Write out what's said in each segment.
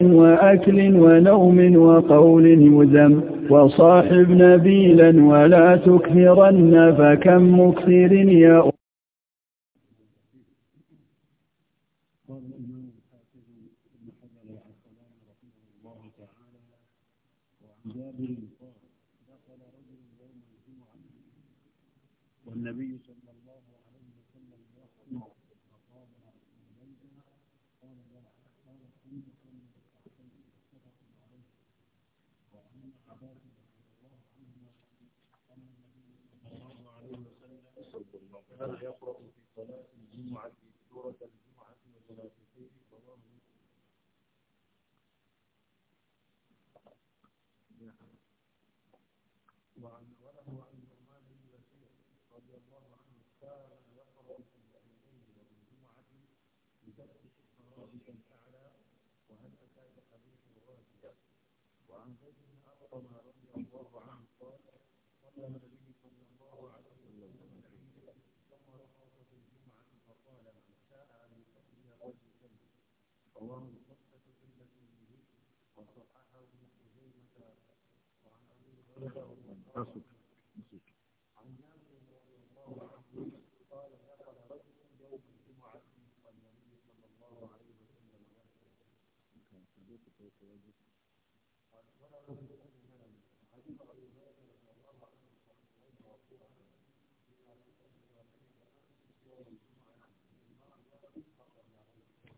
وأكل ونوم وقول يذم وصاحب نبيلا ولا تكثرن فكم مكثر يا والنبي Brother Hill.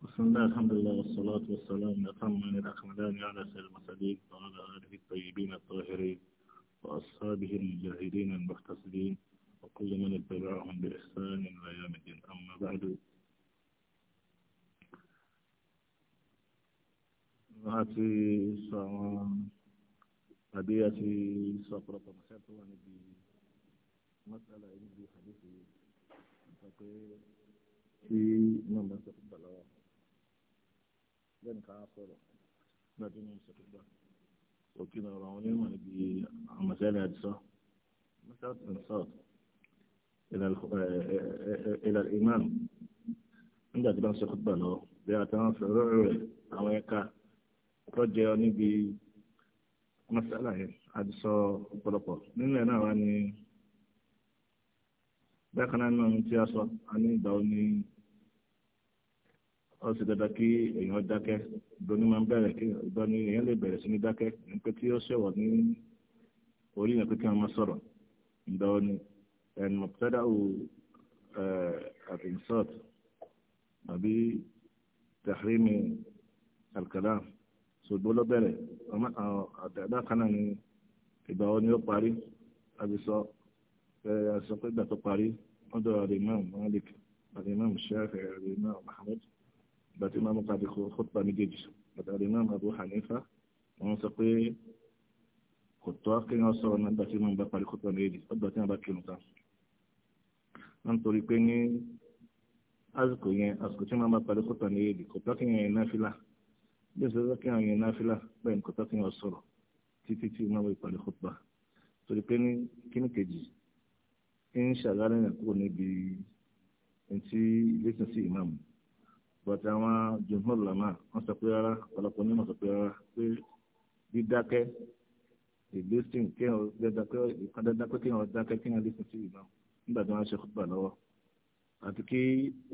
بسم الله الحمد لله والصلاة والسلام من الأكملان على سيد المساليك وعلى آله الطيبين الطاهرين وأصحابه المجاهدين المحتسبين وكل من اتبعهم بإحسان إلى يوم الدين أما بعد نأتي سوا أبيتي سفرة مسألة مسألة إني حديثي sọ pé tí náà bá sọ fún bàlá wa bẹ́ẹ̀ ni ká sọ̀rọ̀ nígbà tí wọ́n sọ fún bàlá òkè náà ọ̀rọ̀ àwọn onímọ̀ níbi àmọ̀sẹ́lẹ̀ àdìsọ́ north and south ilà imam nígbà tí wọ́n sọ fún bàlá bí a ti wọ́n sọ lórí rẹ̀ àwọn ẹ̀ka tó jẹ́ níbi àmọ̀sẹ́lẹ̀ àdìsọ́ ọ̀pọ̀lọpọ̀ nínú náà wá ní bákan náà nínú tí a sọ a ní ìgbà ó ní ó sì dandan kí èèyàn dákẹ́ ìdọ́ni máa ń bẹ̀rẹ̀ kí ìdọ́ni èèyàn lè bẹ̀rẹ̀ sí ní dákẹ́ ní pé tí ó ṣẹ̀wọ̀ ní orí yẹn pé kí wọ́n máa sọ̀rọ̀ ìgbà ó ní ẹnu mọ̀tẹ́dá ò àti insult àbí tahrimi alkalam ṣùgbọ́n ló bẹ̀rẹ̀ bákan náà ní ìgbà ó ó parí àbí sọ sọ pé gbà tó parí ọ̀dọ̀ alimam malik alimam shafi alimam muhammad gbà tí imam kadi khutba méjèèjì gbàtà alimam abu hanifa wọ́n sọ pé kò tọ́ kí wọ́n sọ̀rọ̀ náà gbà tí imam bá parí khutba méjèèjì ọ̀dọ̀ tí wọ́n bá kírun tán wọ́n torí pé ní àsìkò yẹn àsìkò tí wọ́n bá parí khutba méjèèjì kò tọ́ yẹn náfìlà bí ìṣẹ́ tọ́ kí yẹn náfìlà bẹ́ẹ̀ ni kò tọ́ kí títí tí imam bá parí khutba torí pé ní kíní kejì ń ṣàlàyé yẹn kúrò níbi ntí ìlẹ́sìn sí imam bọ̀tí àwọn jùmọ̀ lọ́mà wọ́n sọ pé rárá ọ̀pọ̀lọpọ̀ onímọ̀ sọ pé rárá pé dídákẹ́ ìlẹ́sìn kéèyàn dádákẹ́ kéèyàn dákẹ́ kéèyàn lẹ́sìn sí imam nígbà tí wọ́n ṣe kúpà lọ́wọ́ àti kí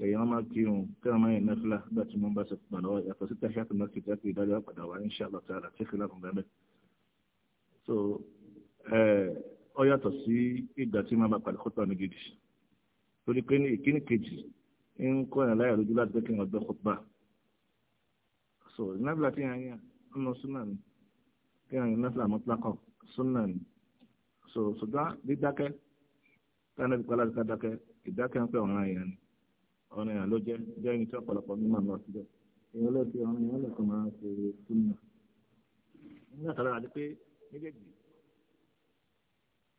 èèyàn máa kírun kéèyàn máa yẹn náfìlà nígbà tí wọ́n bá ṣe kúpà lọ́wọ́ yàtọ̀ sí tàṣàtì náà kìí jáde ìdájọ́ àpàdà wà ní ṣàlọ́tà àti ìfìlà ó yàtọ̀ sí ìgbà tí máa bá pàdé kótó ní gidi torí pé ní ìkíní kejì ń kọ́ ẹ̀ láyà lójú láti dẹ́kẹ́ ọgbẹ́ kópa so nábìlà tí yàn yàn súnà ni kí yàn yàn nábìlà súnà ni so ṣùgbọ́n dídákẹ́ táwọn ẹbí pàlà dídá dákẹ́ ìdákẹ́ ń pẹ́ ọ̀ràn yẹn ni ọ̀ràn yẹn ló jẹ́ jẹ́ ẹni tí ọ̀pọ̀lọpọ̀ mímọ̀ lọ síbẹ̀ ìyẹn ló ti ọ̀ràn yẹn lọ́kàn máa ń ṣe súnà nígbà tó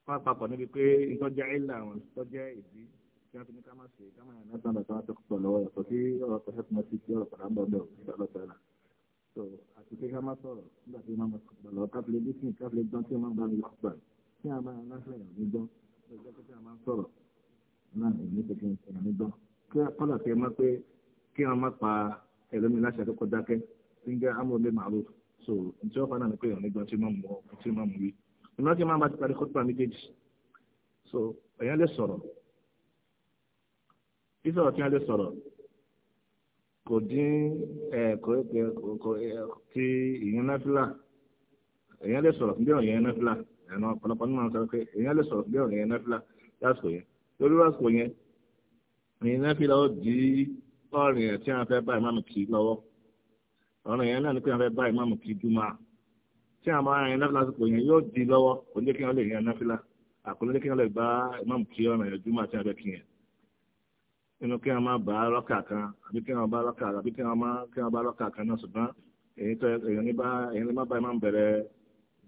wọ́n papọ̀ níbi pé ìtọ́jẹ́ ilà àwọn ìtọ́jẹ́ ìdí tí wọ́n fi ní ká má ṣe ká má yàn náà sábà tí wọ́n ti pọ̀ lọ́wọ́ yàtọ̀ sí ọ̀rọ̀ pẹ̀lú tí wọ́n ti ọ̀rọ̀ padà ń bọ̀ bẹ́ẹ̀ òkúta lọ́sẹ̀rà so àti pé ká má sọ̀rọ̀ nígbà tí wọ́n máa sọ̀rọ̀ lọ káfílẹ̀ bí kìí káfílẹ̀ gbọ́n tí wọ́n bá mi lọ́gbà tí a máa náṣẹ́ yàn mí gbọ́n lọ́jọ́ pé tí a máa sọ̀rọ̀ náà èmi ti fi yàn kí wọ́n má pa ẹlòmíì tó kọjá kẹ́ so ìjọba náà ni pé yàn mí gbọ́n tí ìmọ̀ kí n máa bá ti parí kótópà méjèèjì so èèyàn lè sọ̀rọ̀ sísọ̀rọ̀ tí wọ́n lè sọ̀rọ̀ kò dín ẹ̀ kò kò ti ìyún náfìlà èèyàn lè sọ̀rọ̀ bí ọ̀yàn náfìlà ẹ̀nà ọ̀pọ̀lọpọ̀ ní màá sọ pé èèyàn lè sọ̀rọ̀ bí ọ̀yàn náfìlà lásìkò yẹn lórí lásìkò yẹn ìyún náfìlà ó di ọ̀rìn ẹ̀ tí wọ́n fẹ́ bá ìmáàmù kì í lọ́wọ́ ọ̀rìn yẹn náà ni pé wọ́n fẹ́ bá ìmáàmù kì í dúmọ́ tí àwọn arìnrìn náà lásìkò yẹn yóò di lọ́wọ́ kò ní kí wọ́n lè yan náfìlà àkọlé ní kí wọ́n lè bá imam kí ọ̀nà ìyọ̀jú máa ti abẹ́ kí yẹn nínú kí wọ́n máa bá rọ́kà kan àbí kí wọ́n bá rọ́kà àbí kí wọ́n máa kí wọ́n bá rọ́kà kan náà ṣùgbọ́n èyí tó èyí ní bá èyí ní má bá imam bẹ̀rẹ̀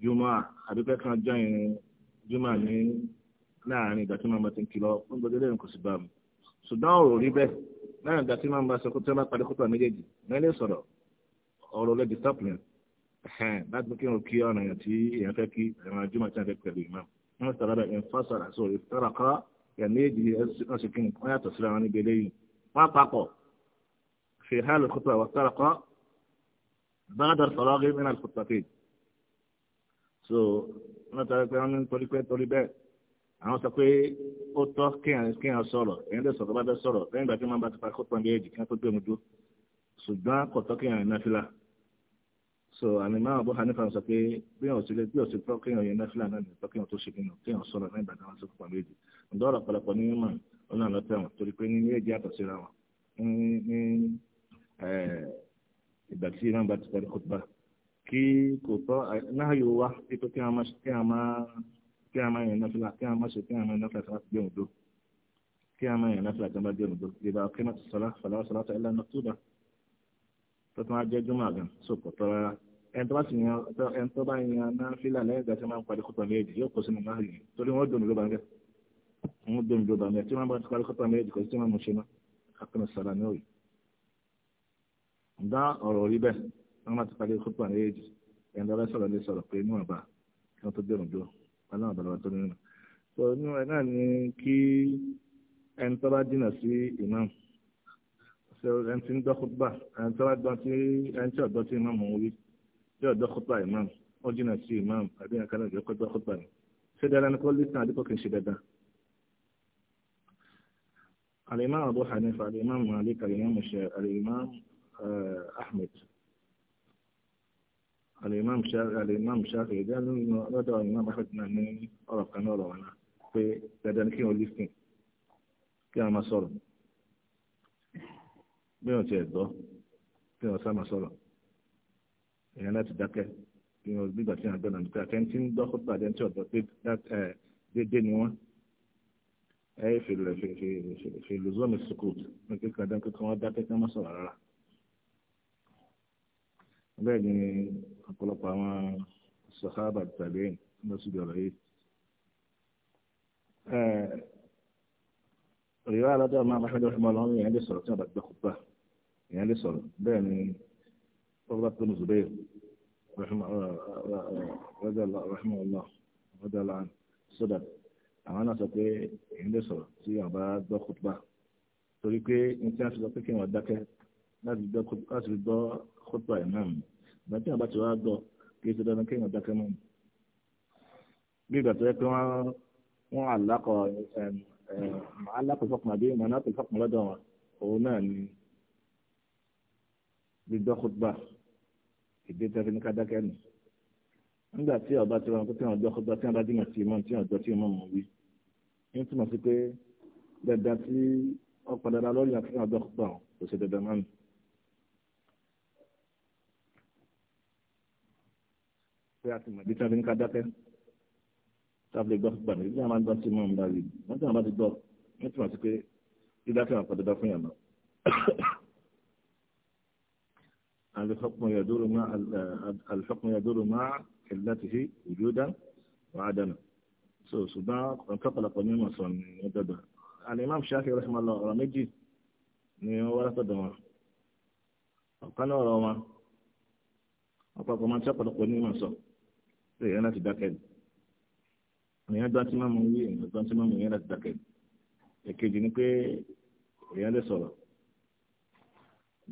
júmọ́ àbí pé kan jọ ìrìn júmọ́ ní láàrin ìgbà tí màmá ti ń kìlọ̀ fún gbogbo eléyìí kò sì bá mu ṣùgbọ́n ọ̀rọ̀ rí bẹ́ẹ̀ láàrin ìgbà tí màmá sọ pé tí wọ́n bá parí kótó méjèèjì ní ọ̀rọ̀ lẹ́dí láti mú kí wọn kí ọ̀nà yẹn tí èèyàn fẹ́ kí ẹ̀rọ jùmọ̀ tí wọ́n fẹ́ pẹ̀lú ìmọ̀ wọn sọ̀rọ̀ bẹ́ẹ̀ ń fásọ̀rọ̀ àti òrè tọ́ra kọ́ ẹ̀ méjì wọn sì kí wọn yàtọ̀ síra wọn níbi eléyìí wọn papọ̀ fi hàlù kútọ̀ wọ́n tọ́ra kọ́ bàdà sọ̀rọ̀ rí mìíràn kútọ̀ kéjì so wọn tọ́ra pé wọn torí pé torí bẹ́ẹ̀ so àmì máa Abu Hanifa sọ pé bí wọn sì lè bí ọsẹ tọ kéèyàn yẹn náfìlà náà nìkan kéèyàn tó ṣe nínú kéèyàn sọ̀rọ̀ náà ìbàdàn wọn sì fún pàmò èdè ǹdọ́ ọ̀rọ̀ pọ̀lọpọ̀ ní mímọ̀ ọ̀nà àlọ́tẹ̀ wọn torí pé nínú èdè àtọ̀ síra wọn ní ìgbà tí iná bá ti parí kópa kí kò tọ́ náà yóò wá pípé kí wọn máa kí wọn máa yẹn náfìlà kí máa ṣe kí máa náfìlà tí wọn ti dé òdo kí wọn máa yẹn náfìlà tí bá dé wọn ti ẹni tó bá sì yan ẹni tó bá yan náà fílà lẹ́yìn ìgbà tí wọ́n máa ń parí kọ́tà méjì yóò kó sínú máàlì yìí torí wọ́n dòmí ló bá ń bẹ̀ wọ́n dòmí ló bá ń bẹ̀ tí wọ́n bá ti parí kọ́tà méjì kò sí tí wọ́n mú ṣe mọ́ akọ́nà sara ní òye. ǹdá ọ̀rọ̀ rí bẹ́ẹ̀ wọ́n máa ti parí kọ́tà méjì ẹni tó bá sọ̀rọ̀ lé sọ̀rọ̀ pé inú àbá kí wọ́n tó dẹ̀rùn ni kí ẹni tí ń gbọ́ kútbà ẹni tí ẹni tí ọ̀gbọ́ tí imam yóò dọ́ kúpa imam wọ́n jìnnà sí imam àbí nǹkan náà yóò dọ́ kúpa ni ṣé dáadáa ni kò lè tàn àdìpọ̀ kì í ṣe dáadáa. الإمام أبو حنيفة الإمام مالك الإمام الشافعي الإمام أحمد الإمام شافعي الإمام شافعي قال رجع الإمام أحمد نحن أعرف كان أعرف أنا في dáadáa ni kí wọ́n lè sìn kí wọ́n máa sọ̀rọ̀ bí wọ́n ti ẹ̀ gbọ́ kí wọ́n sá máa sọ̀rọ̀. èèyàn láti dákẹ́ ìyẹn gbígbà tí wọn gbọ́dọ̀ nípa àtẹntí ń gbọ́ kópa àtẹntí ọ̀dọ́ pé eh, dédé ni wọn ẹ fi lè fi fi fi fi lùzọ́ọ̀mù sukùt ní kíkan dán kíkan wọn dákẹ́ kí wọ́n sọ̀rọ̀ rárá. bẹ́ẹ̀ ni ọ̀pọ̀lọpọ̀ àwọn sàhábà tàbí lọ sí ìdọ̀rọ̀ yìí. òyìnbó aládọ́ máa máa fẹ́ lọ́wọ́ ìmọ̀ ọlọ́run ìyẹn lè sọ̀rọ̀ tí wọ́n bá gbọ́ kópa طلبة بن زبير رحمه الله رضي الله عنه sódà àwọn náà sọ pé èyí lè sọ̀rọ̀ tí àwọn bá gbọ́ kútùbà torí pé ní tí wọ́n ti sọ pé kí wọ́n dákẹ́ láti fi gbọ́ kútùbà yìí náà ìgbà tí wọ́n bá ti wá gbọ́ kí ó ti dandan kí wọ́n dákẹ́ mọ́. bí ìgbà tó yẹ pé wọ́n wọ́n àlákọ̀ àlákọ̀ fọkàn àbí mọ̀nà tó fọkàn lọ́dọ̀ wọn òun náà ni gbígbọ́ kútùbà èdè tí wọ́n fi ní ká dákẹ́ nù nígbà tí ọba tí wọ́n tí wọ́n gbọ́ ọgbà tí wọ́n bá dìmọ̀ sí imọ́ tí wọ́n gbọ́ tí imọ́ mọ̀ wí ní túmọ̀ sí pé dandan tí wọ́n padà dá lọ́rùn àti wọ́n gbọ́ ọgbà kò ṣe dandan mọ́ nù. pé a ti mọ̀ èdè tí wọ́n fi ní ká dákẹ́ tí wọ́n fi gbọ́ ọgbà nígbà tí wọ́n máa gbọ́ sí imọ́ ń wọ́n tí wọ́n bá ti gbọ́ ní túmọ̀ sí pé dídákẹ́ wọn الحكم يدور مع الحكم يدور مع علته وجودا وعدما so ṣùgbọ́n ọ̀kọ́pọ̀lọpọ̀ mímọ̀ sọ ní ọdọ́dọ̀ alimam shafi rahimahullah ọ̀rọ̀ méjì ni wọ́n wá látọ̀dọ̀ wọn ọ̀kan náà ọ̀rọ̀ wọn ọ̀pọ̀pọ̀ máa ń tọ́pọ̀lọpọ̀ mímọ̀ sọ ṣe èèyàn láti dákẹ́ èèyàn gbọ́n tí máa mú wí èèyàn gbọ́n tí máa mú èèyàn láti dákẹ́ èkejì ni pé èèyàn lè sọ̀rọ̀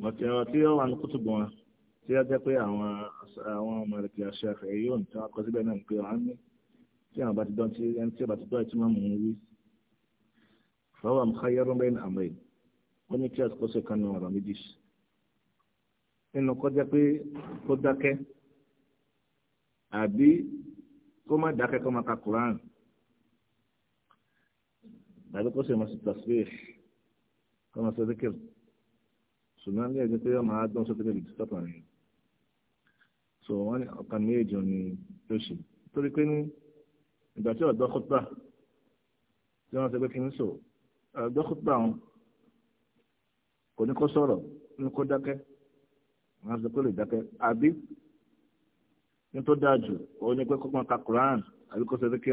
mọ̀tí ọ̀rọ̀ tí ó wà ní kútùbù wọn tí ó jẹ́ pé àwọn àwọn mọ̀lẹ́kì àṣàfẹ́ yóò ń tán akọsílẹ̀ náà pé wọ́n á ní tí àwọn bá ti dán tí ẹni tí a bá ti dán ìtumọ̀ mú un wí. fọwọ́ àmúkáyọ́rọ́ bẹ́ẹ̀ ní àmọ́ yìí ó ní kí àsìkò ṣe kan ní ọ̀rọ̀ méjì. nínú kó jẹ́ pé kó dákẹ́ àbí kó má dákẹ́ kó má ka Quran àbí kó ṣe máa ṣe tasbih kó má ṣe zikir ṣùgbọ́n ní ẹ̀jẹ̀ pé ó máa dán sókè lè dùn sọ́kàn so wọ́n ní ọ̀kan méjì ni ló ṣe torí pé ní ìgbà tí ọ̀dọ́ kútbà tí wọ́n sọ pé kí n sọ ọ̀dọ́ kútbà wọn kò ní kó sọ̀rọ̀ ní kó dákẹ́ wọ́n sọ pé lè dákẹ́ àbí ní tó dáa jù òun ni pé kó máa ka Quran àbí kó sọ pé kí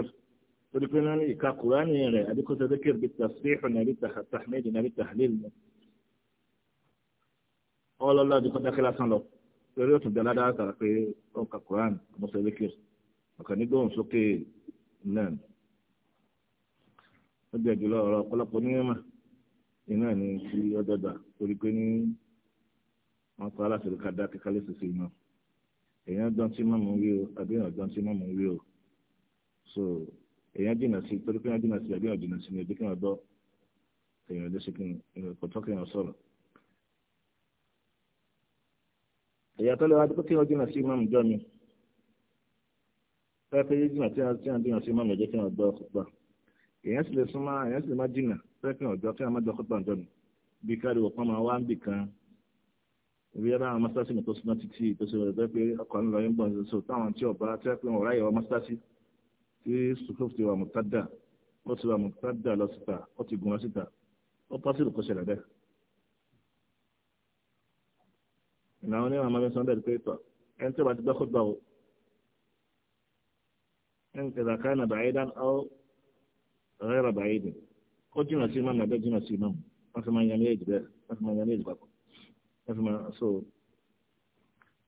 torí pé ní ìka Quran rẹ̀ àbí kó sọ pé kí bí tasbihu nàbí tahmid nàbí tahlil ọlọ́lá àbí kó dákẹ́ lásán lọ lórí òtún bí aládàá kàrà pé ọkà Quran mọ́sẹ̀ wíkìr ọkà nígbóhùn sókè náà ó jẹ́ jùlọ ọ̀rọ̀ ọ̀pọ̀lọpọ̀ onímọ̀ iná ní ti ọjọ́ gbà torí pé ní wọ́n kọ́ aláṣẹ̀lẹ̀ ká dákẹ́ kálẹ̀ sì sí iná èèyàn dán tí mọ́mú wí o àbí èèyàn dán tí mọ́mú wí o so èèyàn jìnnà sí torí pé èèyàn jìnnà sí àbí èèyàn jìnnà sí ní ojú kí wọ́n gbọ́ èèyàn lé kí ni kò tọ́ kí sọ̀rọ̀ ìyàtọ̀ lẹ́wọ́ adúgbò kí wọ́n jìnnà sí ìmáàmù jọ mi fẹ́ẹ́ fẹ́ẹ́ jìnnà tí wọ́n jìnnà sí ìmáàmù ẹ̀jẹ̀ kí wọ́n gbọ́ ọ̀kúpa èèyàn sì lè súnmọ́ èèyàn sì lè má jìnnà fẹ́ẹ́ kí wọ́n gbọ́ kí wọ́n má gbọ́ ọ̀kúpa jọ mi bí káàdì wọ̀ pọ́nmọ́ wá ń bì kan ìwé yàrá àwọn mọ́sálásí mi tó súnmọ́ títí tó ṣe wọ̀lẹ̀ pé ọkọ̀ ńlọ yín bọ̀ ní sọ táwọn tí ọba tẹ́ pé wọ́n ráyè wọ mọ́sálásí tí sùkúrù ti wà mùtádà ó ti ìnáwó ní àwọn ọmọbìnrin sọ́ndẹ̀ pé tọ̀ ẹni tí ó bá ti gbọ́ kútbà o ẹni tí ìdàkà náà bàáyé dán ọ́ rẹ́rà bàáyé dì ó jìnà sí mọ́mù àbẹ́ jìnà sí mọ́mù wọ́n fi máa yan méjì bẹ́ẹ̀ wọ́n fi máa yan méjì papọ̀ wọ́n fi máa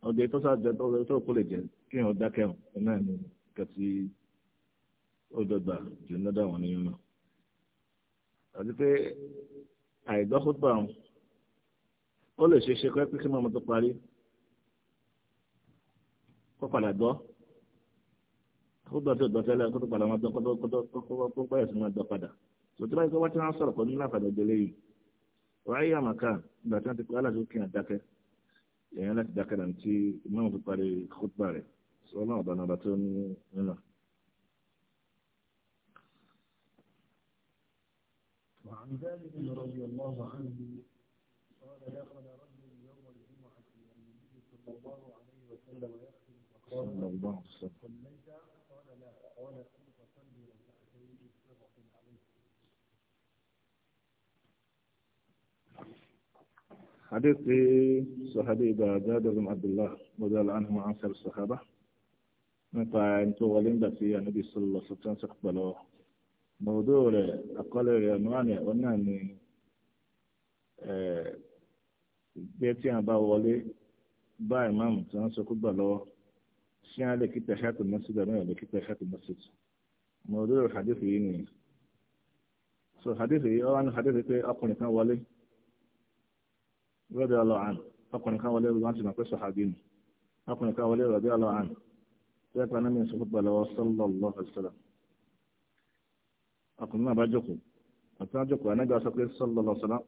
ọdẹ tó kó lè jẹ kí wọn dákẹ́ wọn náà ní kàtí ó jù ní ọ̀dọ̀ àwọn oníyàn àti pé àìgbọ́ ó lè ṣe é ṣe pé kí mọ́mọ́ tó parí kó padà gbọ́ kó gbọ́ tó gbọ́ tẹ́lẹ̀ kó tó padà máa gbọ́ kó tó kó tó kó tó báyìí sí máa gbọ́ padà tòtí báyìí kó wá tí wọ́n sọ̀rọ̀ pẹ̀lú láǹfààní ọ̀dẹ́lẹ̀ yìí wáyé àmàkà ìgbà tí wọ́n ti parí aláṣọ kí n dákẹ́ èèyàn láti dákẹ́ náà tí mọ́mọ́ tó parí kútbà rẹ̀ sọ náà ọ̀dọ́ náà tó ní nínú. وعن ذلك رضي الله عنه رجل يوم الجمعة النبي صلى الله عليه وسلم فقال صليت قال لا قال قم فصلي ركعتين حديث صحابي جابر بن عبد الله رضي الله عنه وعن سائر الصحابة من قائم tó wọlé ńgbà tí ànábì sọlọ sọtún ṣe pẹ̀lú mọdó rẹ àkọlé rẹ gbé tí wọn bá wọlé bá ìmáàmù tí wọn sọ kó gbà lọ́wọ́ ṣé wọn lè kí tẹ̀síàtì náà lè kí tẹ̀síàtì mọ́sí mo lérò hadith yìí nìyí so hadith yìí hadith pé ọkùnrin kan wọlé rọ́bì ọlọ́ọ̀án ọkùnrin kan wọlé ọkùnrin kan wọlé rọ́bì ọlọ́ọ̀án tẹ́lẹ̀ náà mi sọ ọkùnrin náà bá jókòó ọ̀tún jókòó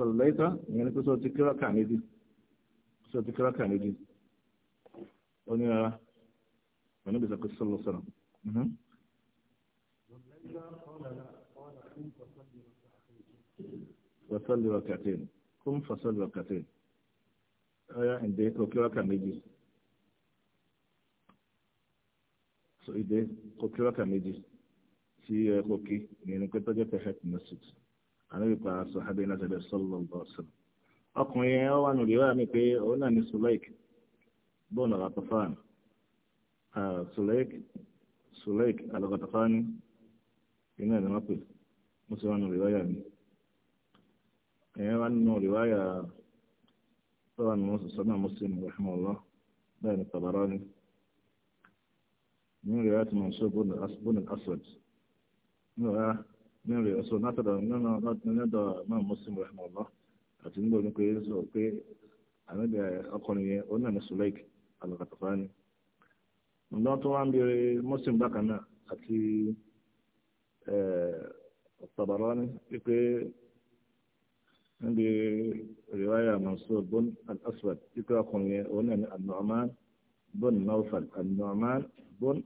sọ̀lẹ́ta ìyẹn ni pé sọ ti kíráka méjì sọ ti kíráka méjì ó ní ara pẹ̀lú ìgbésẹ̀ pé sọ̀lọ̀ sọ̀rọ̀. وصلي ركعتين قم فصل ركعتين أيا عندي أوكي ركع ميجي سو إيدي أوكي ركع ميجي سي أوكي يعني كنت أجي في حياة المسجد àlẹ́bípa sọ̀hábẹ́ náà tẹ̀lé sọ́lọ́ ọ̀sán ọkùnrin yẹn wà nù ríwá mi pé òun náà ní sùlẹ́ẹ̀k bọ́ọ̀nù àpàfáàn sùlẹ́ẹ̀k sùlẹ́ẹ̀k alọ́gọ́tàfáàn iná ẹ̀ lọ́pẹ́ mo sì wà nù ríwá yà mí ẹ̀yẹn wà nù ríwá yà sọ́wọ́n ní wọ́n sọ́nà mùsùlùmí rahimahullah bẹ́ẹ̀ ni Tabarani ní ríwá tí mo ń sọ bọ́ọ̀nù aswad ní ríwá nínú rẹ̀ sọ látọ̀dọ̀ nínú náà Muslim Allah àti nígbà wọn pé sọ pé ànábì ọkùnrin yẹn ó náà ní Sulaik al ǹdọ́ tó wá ń bèrè Muslim bákan náà àti Tabarani pípé ń bèrè riwaya bon al-Aswad pípé ọkùnrin yẹn ó náà ní bon numan bun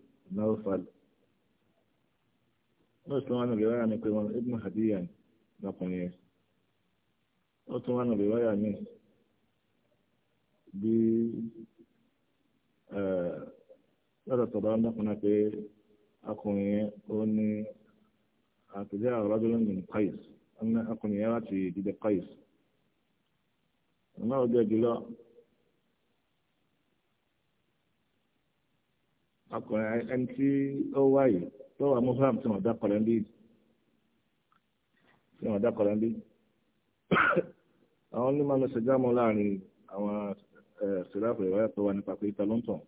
wọ́n tún wá nàbẹ̀ wáyà mi pé wọn ibùn hadiya lọkùnrin yẹn wọ́n tún wá nàbẹ̀ wáyà mi bí eh, lọ́dọ̀ tọ̀dọ̀ ọ̀dọ́kùnrin pé ọkùnrin yẹn ó ní àtẹ̀jẹ́ àwọn ọ̀rọ̀ ní Qais ọkùnrin yẹn láti dídẹ Qais ọ̀nà ọjọ́ jùlọ ọkùnrin ẹni tí ó wáyé lọ́wọ́ amúhàm tí wọ́n dá kọ̀lẹ́ ń bí tí wọ́n dá kọ̀lẹ́ ń bí. àwọn onímọ̀ lọ ṣèjámọ́ láàrin àwọn ṣìláfù ìwáyà tó wà nípa pé ìta ló ń tàn.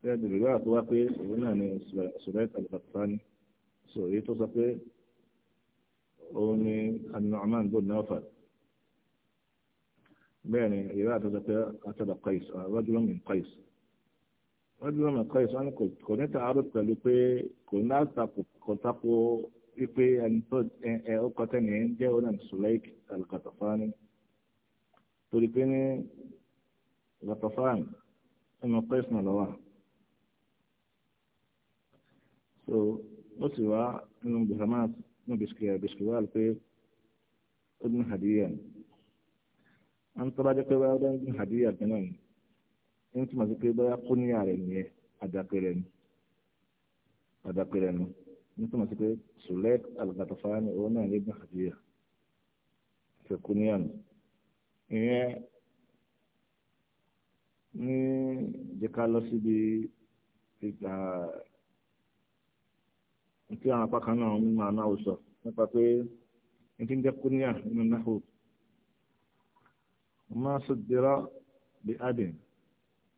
bẹ́ẹ̀ ni ìwáyà tó wá pé òun náà ni ṣùgbọ́n al-Qahtani èyí tó sọ pé òun ni an-Nu'man bin Nawfal. bẹ́ẹ̀ ni ìwáyà tó sọ pé ataba Qais rajulun min Qais. wọ́n ti lọ́mọ ẹ̀kọ́ ìsọ́ni kò ní tààrọ̀ pẹ̀lú pé kò ní àtakò kò tako wípé ẹni tó ẹ ọkọ tẹ́ni ẹ̀ ń jẹ́ ọ̀nà sùlẹ́k alùkàtàfáàní torí pé ní alùkàtàfáàní ẹnu ẹ̀kọ́ ìsọ́nà lọ́wọ́ so ó sì wá nínú bìhámàt nínú bìsìkìyà bìsìkìyà wà pé ó dín hàdíyà ń tọ́ba jẹ́ pé wáyé ó dín hàdíyà gan náà ní túmọ̀ sí pé bóyá kó níyà rẹ̀ nìyẹn àdàpẹ̀rẹ̀ ni àdàpẹ̀rẹ̀ ni ní túmọ̀ sí pé Sulaik al-Ghatafani òun náà ní ibn Khadija ṣe kó níyà nù ìyẹn ní jẹ́ ká lọ síbi ìgbà tí àwọn apá kan náà ń máa náà sọ nípa pé ní ti ń jẹ́ kúníyà nínú náà ma suddira bi adin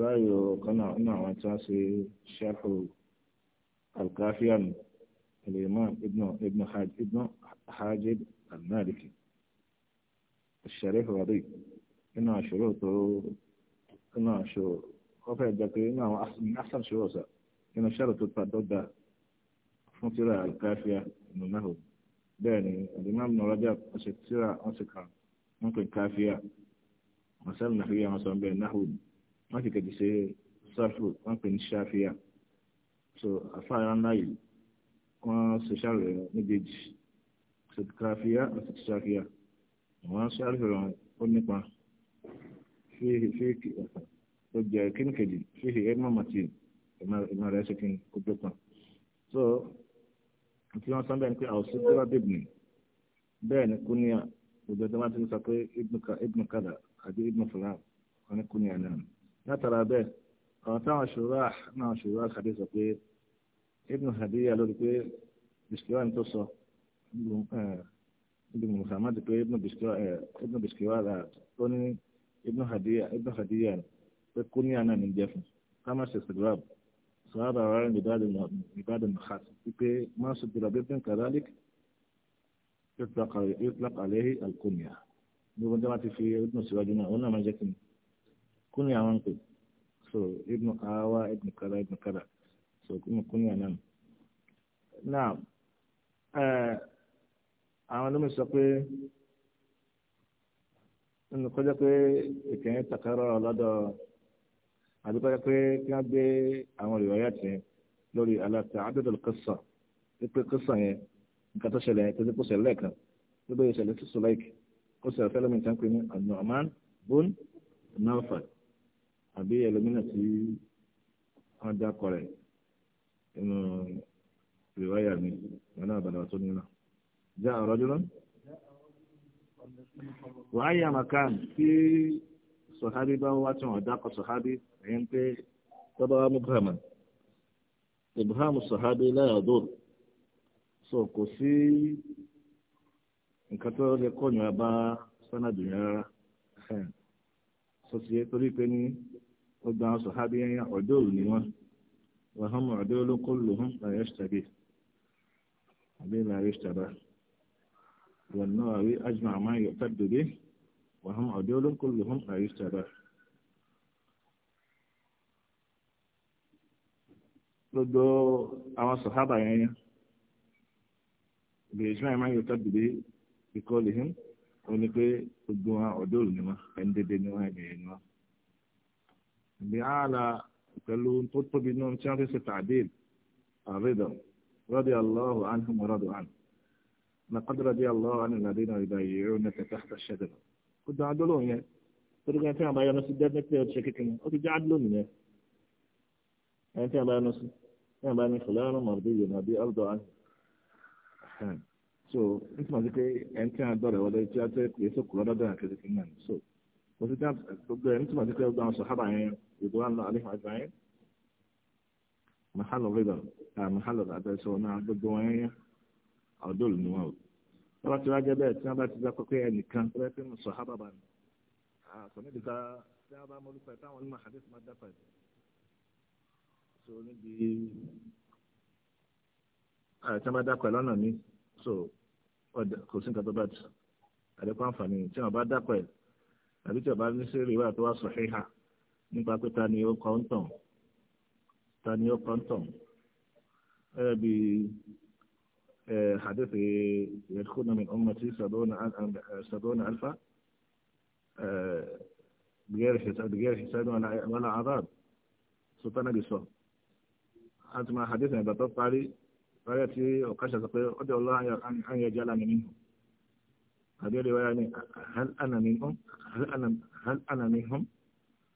rayo kánà ọ̀nà àwọn tí wọ́n alkafiyan alimam ibn ibn hajj ibn hajj al-maliki sharif radi nínú àṣírò tó nínú àṣírò wọ́n fẹ́ jẹ́ pé nínú àwọn asan ṣòro sà nínú ṣàrò tó ta dọ́gba fún tíra alkafiya nínú wọ́n ti kẹ̀jì sí sáfù wọ́n pè ní ṣáfíà so àfáàrà ńlá yìí wọ́n ṣe ṣàrẹ̀ méjèèjì ṣèkáfíà àti ṣáfíà wọ́n ṣàrẹ̀ rẹ̀ ó nípa fíhì fíhì ọ̀sán tó jẹ́ kíníkèjì fíhì edmond martin ìmọ̀ rẹ̀ ṣe kí n kó tó kan so tí wọ́n sọ bẹ́ẹ̀ ni pé àwòsí dúró bèbè bẹ́ẹ̀ ni kúníà gbogbo ẹgbẹ́ wọn ti sọ pé ibùkàdà àbí ibùfúnra wọn ni kúníà náà. نترى به قاطع شراح مع شراح خبيث قير ابن هدية لوركير بشكوى انتصى ابن محمد قير ابن بشكوى ابن بشكوى لا توني ابن هدية ابن هدية بكوني أنا من جفن كما سيستجواب صار رأي مداد مداد مخاص بكي ما سدر ابن كذلك يطلق عليه الكنية نبدأ في ابن سواجنا هنا ما جاكني kunya wanku so ibnu awa ibnu kaza ibnu kaza so kuma kunya nan na àwọn ọdún mi sọ pé nínú kọjá pé ìkẹyìn takarọ lọ́dọ̀ àbí kọjá pé kí wọn gbé àwọn ìrọyà tẹ lórí aláta adúlọ kẹsàn pípé kẹsàn yẹn nǹkan tó ṣẹlẹ̀ yẹn kẹsàn kó ṣẹlẹ̀ lẹ́ẹ̀kan tó bẹ ìṣẹlẹ̀ tó sọ láìkì kó ṣẹlẹ̀ fẹlẹ mi tán pé ní ọnà ọmọ bón náà àbí ẹlòmínà tí wọ́n dákọ̀ rẹ̀ nínú rìwáyà mi wọn náà bàdà tó nínú. já ọ̀rọ̀ jùlọ. wàá yà màkàn tí sọ̀hábí bá wá tí wọ́n dákọ̀ sọ̀hábí ẹ̀yìn pé tọ́ba wa mú bàmà. ibham sọ̀hábí láyà dùn. sọ kò sí nǹkan tó lè kọ́nyọ̀ bá sánàdùn yẹn rárá. sọsì yẹ ọgbà àwọn sọ̀hábí ẹ̀yàn ọ̀dọ́ọ̀lù ni wọ́n wọ́n hàn mọ́ ọ̀dọ́ọ̀lù kó lò hàn láyé ṣàbí àbí láyé ṣàbá wọn náà rí ajmọ̀ àmọ́ ayọ̀ tàbí wọ́n hàn ọ̀dọ́ọ̀lù kó lò hàn láyé ṣàbá. gbogbo àwọn sọ̀hábà ẹ̀yàn lè jẹ́ àmọ́ ayọ̀ tàbí ìkọlù hàn. ó ní pé gbogbo wọn ọ̀dọ́ òní wọn ẹni dédé ni wọn ẹni ẹni wọn. ìdí àlà pẹ̀lú tó tóbi náà tí wọ́n fi ṣe tàdéèl àrídọ̀ rọ́dí aláwọ̀ ánú mọ́rọ́dọ̀ ánú. لقد رضي الله عن الذين يبايعونك تحت الشجرة كنت عدلوا يعني torí kan tí àbáyọ lọ sí dẹ́gbẹ́ pé ọtí ṣèkékè ni ó ti já lónìí yẹn ẹni tí àbáyọ lọ sí tí àbáyọ ní fúláàrùn màdé yìí nàbí ọlọdọ àná so n tún bá sí pé ẹni tí a dọ̀rọ̀ wọlé tí a tẹ́ pé sókù lọ́dọ̀dọ̀ àkẹ́sì kì í nà so kò sí dáàbò gbogbo ẹni tún bá sí pé ọgbà àwọn sọ̀hábà yẹn ìbò wa ń lọ alẹ́ àgbà yẹn mahalo rẹ̀ mahalo àtẹ̀sọ̀ náà gbogbo wọn yẹn ọ̀dọ́ọ̀lù ni wọn o tọ́ba tí wọ́n jẹ́ bẹ́ẹ̀ tí wọ́n bá ti dá pé ẹnìkan tó yẹ pé mo sọ̀hábà bá ní àsọ̀mídìta tí wọ́n bá mọ́lúpẹ̀ táwọn onímọ̀ àdéhùn máa dá pẹ̀lú so níbi àtẹ́mọ́dá pẹ̀lú ọ̀nà mi so ọ̀dà kò sí nǹkan tó bá ti àdékò àǹfààní tí wọn bá dàpọ̀ ẹ̀ tàbí tí wọn bá ní sí rèwà tó wá sọ̀híhà nípa pé ta ni ó kọ́ ń tàn ta ni ó kọ́ ń tàn ẹ̀ bí ẹ̀ hadith yadkhuluna min ummati sab'una alfa بغير حساب بغير حساب ولا ولا عذاب سلطان ابي سو انت ما حديثنا بتطاري wáyé tí ọ̀kàṣà sọ pé ọdẹ ọlọ́ àyànjẹ́ alámi nínú àbẹ́rẹ́ wáyé ni hal ana minhum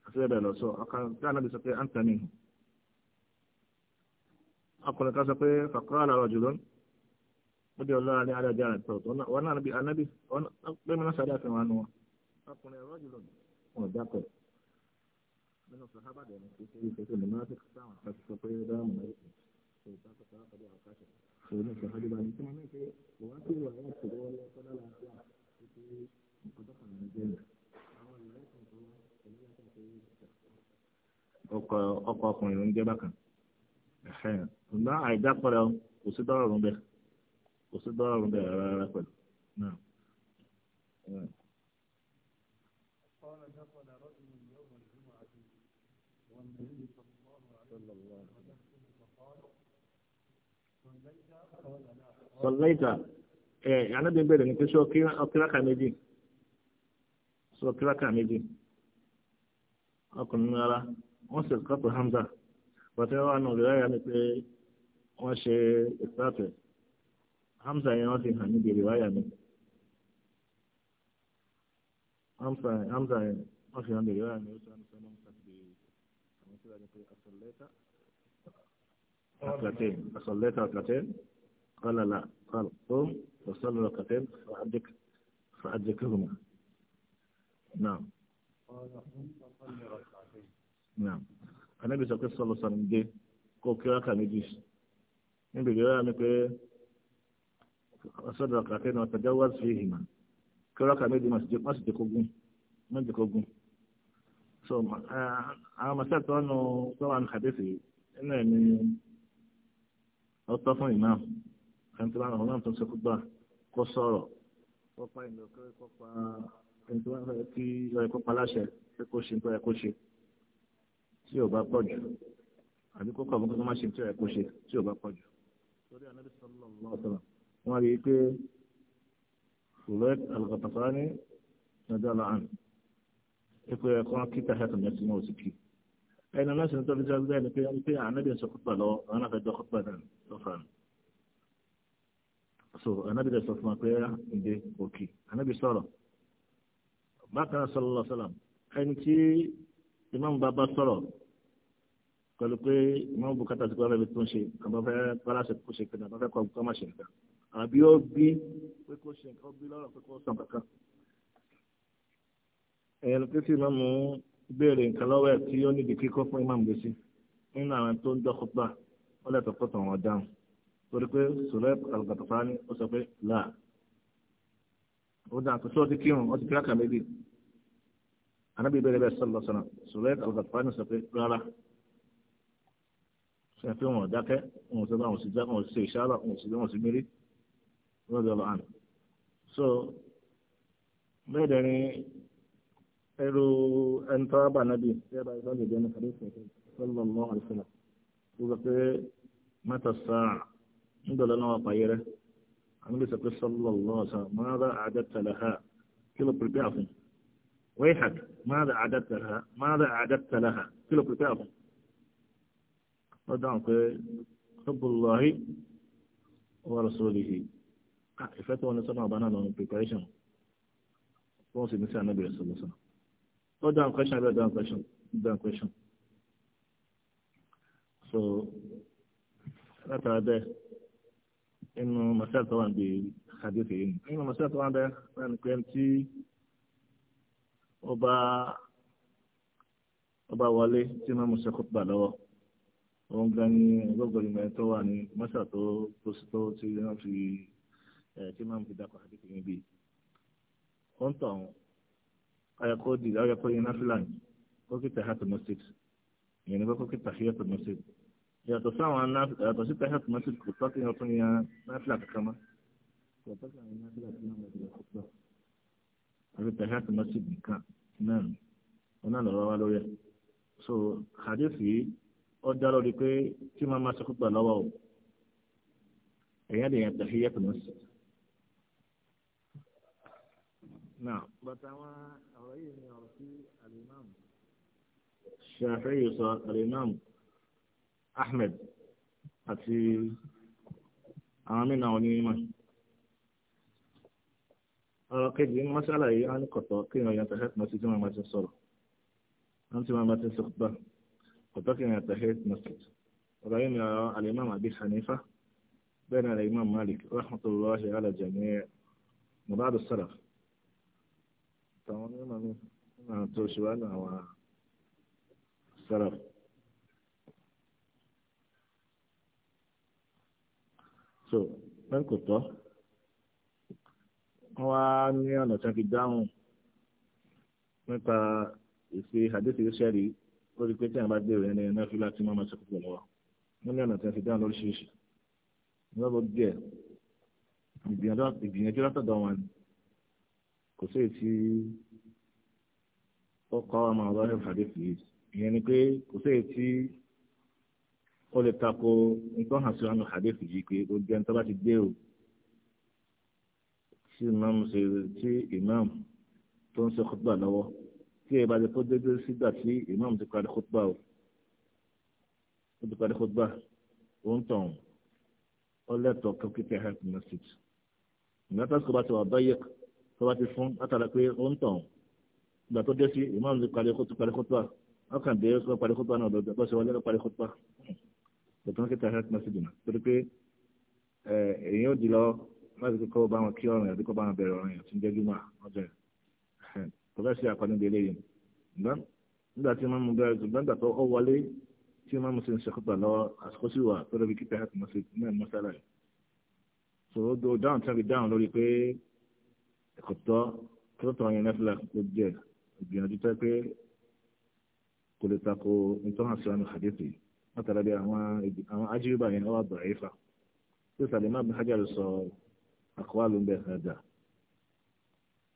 àti bẹ́ẹ̀ bẹ́ẹ̀ lọ sọ ọkàn ànábi sọ pé anta minhum. ọkùnrin kan sọ pé faqala rajulun ọdẹ ọlọ́ àyànjẹ́ alámi tọ̀ wọn náà bí ànábi bẹ́ẹ̀ mi náà sáré àfihàn wọn nù wọn. ọkùnrin rajulun wọn dákọ̀ nínú sọ̀hábàdàn kí ọkọ ọkọ ọkùnrin ló ń jẹ́ bákan ṣùgbọ́n àìdá pẹ̀lú kò sí dọ́rọ̀ rún bẹ́ẹ̀ kò sí dọ́rọ̀ rún bẹ́ẹ̀ rárá pẹ̀lú náà. sọ̀láìtà ẹ̀ anábì bẹ̀rẹ̀ ní pé ṣé ọkìrákà méjì ṣé ọkìrákà méjì ọkùnrin rárá wọ́n sì kọ́pù hamza bàtà wà nù rẹ̀ ráyà ni pé wọ́n ṣe ìsáàtẹ̀ hamza yẹn wọ́n ti hàn níbi ìrìwáyà mi hamza yẹn wọ́n fi hàn níbi ìrìwáyà mi ó sọ ní sọ́nà sátidé àwọn tí wọ́n ti pé asọ̀lẹ́tà àkàtẹ́ asọ̀lẹ́tà àkàtẹ́. قال لا قال قم وصلوا ركعتين فأدرك فأدركهما نعم نعم أنا بيسألك صلى الله عليه وسلم كوكا كان يجيش من بيجي أنا كي أصلي ركعتين وأتجاوز فيهما كوكا كان يجي مسجد مسجد كوكو مسجد كوكو سو ما أنا مثلا طبعا حديثي إنه من يعني أو الطفل إمام kàntìmá àwọn máa tó ń sọkú gbà kó sọ̀rọ̀ kó pa ìlú kó kó pa kàntìmá tí ọ̀rẹ́ kó pa láṣẹ pé kó ṣe nítorí kó ṣe tí ò bá pọ̀ jù àbí kó kọ̀ fún kó má ṣe nítorí kó ṣe tí ò bá pọ̀ jù. torí àná bí sọlọ lọ sọlọ wọn rí i pé ṣùgbọ́n àlùkàtàkàrà ní nàìjíríà lọ́hàn pípẹ́ ẹ̀kọ́ kíkà hẹ́tọ̀ mẹ́tì náà ò sì kì í ẹ̀yin náà mẹ́sìn tó fi jẹ́ ẹni pé ànábìyẹn sọ kúpà lọ́wọ́ àwọn náà fẹ́ jọ kúpà náà so anabi dẹ sọ fún wa pé ah, ǹde òkè anabi sọ̀rọ̀ bákan náà sọlọ sọlọ ẹni tí imam bá bá sọ̀rọ̀ pẹ̀lú pé imam bukata ti kọ ọ̀rẹ́ mi tó ń ṣe àbá fẹ kọláṣẹ kó ṣe kankan àbá fẹ kọ ọgbọ má ṣe nǹkan àbí ó bí pé kó ṣe nǹkan ó bí lọ́rọ̀ pé kó sàn kankan imam béèrè nǹkan lọ́wọ́ ẹ̀ tí ó nídìí kíkọ́ fún imam gbèsè nínú àwọn tó ń dọ́kọ̀ gbà ó lẹ́tọ̀ọ́ pọ̀tàn wọn dáhùn torí pé sọlẹ́t alùpàtàfáàní ó sọ pé là ó dàn kó sọ́ọ́ ti kírun ó ti kíráka méjì anábì bẹ̀rẹ̀ bẹ́ẹ̀ sọ́ọ́ lọ́sọ̀nà sọlẹ́t alùpàtàfáàní sọ pé rárá ṣe fi wọn dákẹ́ wọn sọ bá wọn sì wọn sì ṣáàlà wọn sì wọn sì mérí wọn lọ lọ àná so bẹ́ẹ̀ dẹ̀ ni ẹrú ẹni tó bá nábì ṣé bá ìfọ́n lè jẹ́ ní kàdé sọ̀rọ̀ sọ́ọ́ lọ́ọ́ àlùfẹ́lá ó sọ pé mẹ́ta sáà. عندنا لنا طائرة عمل سبب صلى الله عليه وسلم ماذا أعددت لها كل بربيعف ويحك ماذا أعددت لها ماذا أعددت لها كل بربيعف ودعم في حب الله ورسوله كيف تقول نسمع بنا لون بريبريشن فوز مثل النبي صلى الله عليه وسلم ودعم كشان ودعم كشان ودعم كشان so that are there inú masáàlì tó wà níbi àdéhùn yìí nínú masáàlì tó wà níbẹ̀ náà ni pé tí ọba ọba wọlé tí máa gan ni ọgọ́gọ́rin mẹ́rin tó wà ní masáàlì tó tó tí wọ́n fi tí máa mú fi dàpọ̀ àdéhùn yìí bí ó ń di ayọ̀kọ́ yẹn náà fúlàní kókè tẹ̀ hàtọ̀ mọ́sítì ìyẹn ni kókè tàfíyàtọ̀ mọ́sítì yàtọ̀ sáwọn yàtọ̀ sí tahiyat masjid kò tọ́ kí wọ́n tún yan náfìlà kankan mọ́ kò tọ́ kí wọ́n yan náfìlà kankan mọ́ ìgbà kò tọ́ àti masjid nìkan náà wọn náà lọ́wọ́ wá lórí ẹ̀ so hadith yìí ó dá lórí pé tí màá máa sọkú gbà lọ́wọ́ o èèyàn lè yan tahiyat masjid. náà bàtà wọn ọ̀rọ̀ yìí ni ọ̀rọ̀ sí alimami. Shafi'i sọ Ahmed àti àwọn mìíràn àwọn onímọ̀. ọ̀rọ̀ kejì ń mọ́ṣálà yìí á ní kọ̀tọ̀ kí èèyàn yàtọ̀ hẹ́t mọ́sí tí wọ́n máa ti sọ̀rọ̀ wọ́n ti máa bá ti sọ̀tọ̀ kọ̀tọ̀ kí èèyàn yàtọ̀ hẹ́t mọ́sí. ọ̀rọ̀ yìí ni ọ̀rọ̀ alimam Abi Hanifa bẹ́ẹ̀ ni alimam Malik rahmatullahi ala jami'a mubadu salaf. tàwọn onímọ̀ mi náà tó wá ṣùgbọ́n àwọn salaf. so pé kò tọ́ wọ́n á ní ọ̀nà tí wọ́n fi dáhùn nípa ìfi àdéhùn ìṣẹ́rí ó rí pé tí àwọn bá gbèrò ẹni náà fi láti máa máa ṣe púpọ̀ lọ́wọ́ wọ́n ní ọ̀nà tí wọ́n fi dáhùn lóríṣiríṣi wọ́n lọ díẹ̀ ìgbìyànjú látọ̀dọ̀ wọn ni kò sí èsì ó kọ́ ọmọ ọlọ́run àdéhùn yìí ìyẹn ni pé kò sí èsì ó lè tako nǹkan hàn sí ọ̀nà hadith yìí pé ó jẹ́ nítorí bá ti dé o tí imam ṣe tí imam tó ń ṣe khutba lọ́wọ́ tí ẹ bá lè kó dédé sígbà tí imam ti parí khutba o ó ti parí khutba ó ń tàn ó lẹ́tọ̀ọ́ kó kíkẹ́ help message ìgbà tó bá ti wà báyẹ̀ tó bá ti fún látara pé ó ń tàn ìgbà tó dé sí imam ti parí khutba ọkàn dé parí khutba náà lọ́jọ́ bọ́sẹ̀ wọlé parí khutba automatic direct message náà torí pé èyí ò di lọ láti kọ́kọ́ bá wọn kí ọ̀ràn àbíkọ́ bá wọn bẹ̀rẹ̀ ọ̀ràn yẹn tí ń jẹ́ júmọ̀ ọjọ́ yẹn kò fẹ́ ṣe àpàdé délé yẹn nígbà tí mọ́mú bẹ̀rẹ̀ ṣùgbọ́n nígbà tó ọ wọlé tí mọ́mú sì ń ṣàkópa lọ àsìkò sí wà tó lóbi kíkẹ́ hàtì mọ́sí náà mọ́sálà yìí so ó do dáhùn tí wọ́n fi dáhùn lórí pé ẹ̀kọ́ tọ́ tó tọ́ yẹn lẹ́fìlà kó jẹ́ ìgbìyànjú tẹ́ pé kò lè takò nítorí àṣìwánu àdéhùn látara bí àwọn ajíríbà yẹn wà bọ̀ ẹ̀fà tí sàlẹ̀má bin hajar sọ àkọwà ló ń bẹ̀ ẹ̀dà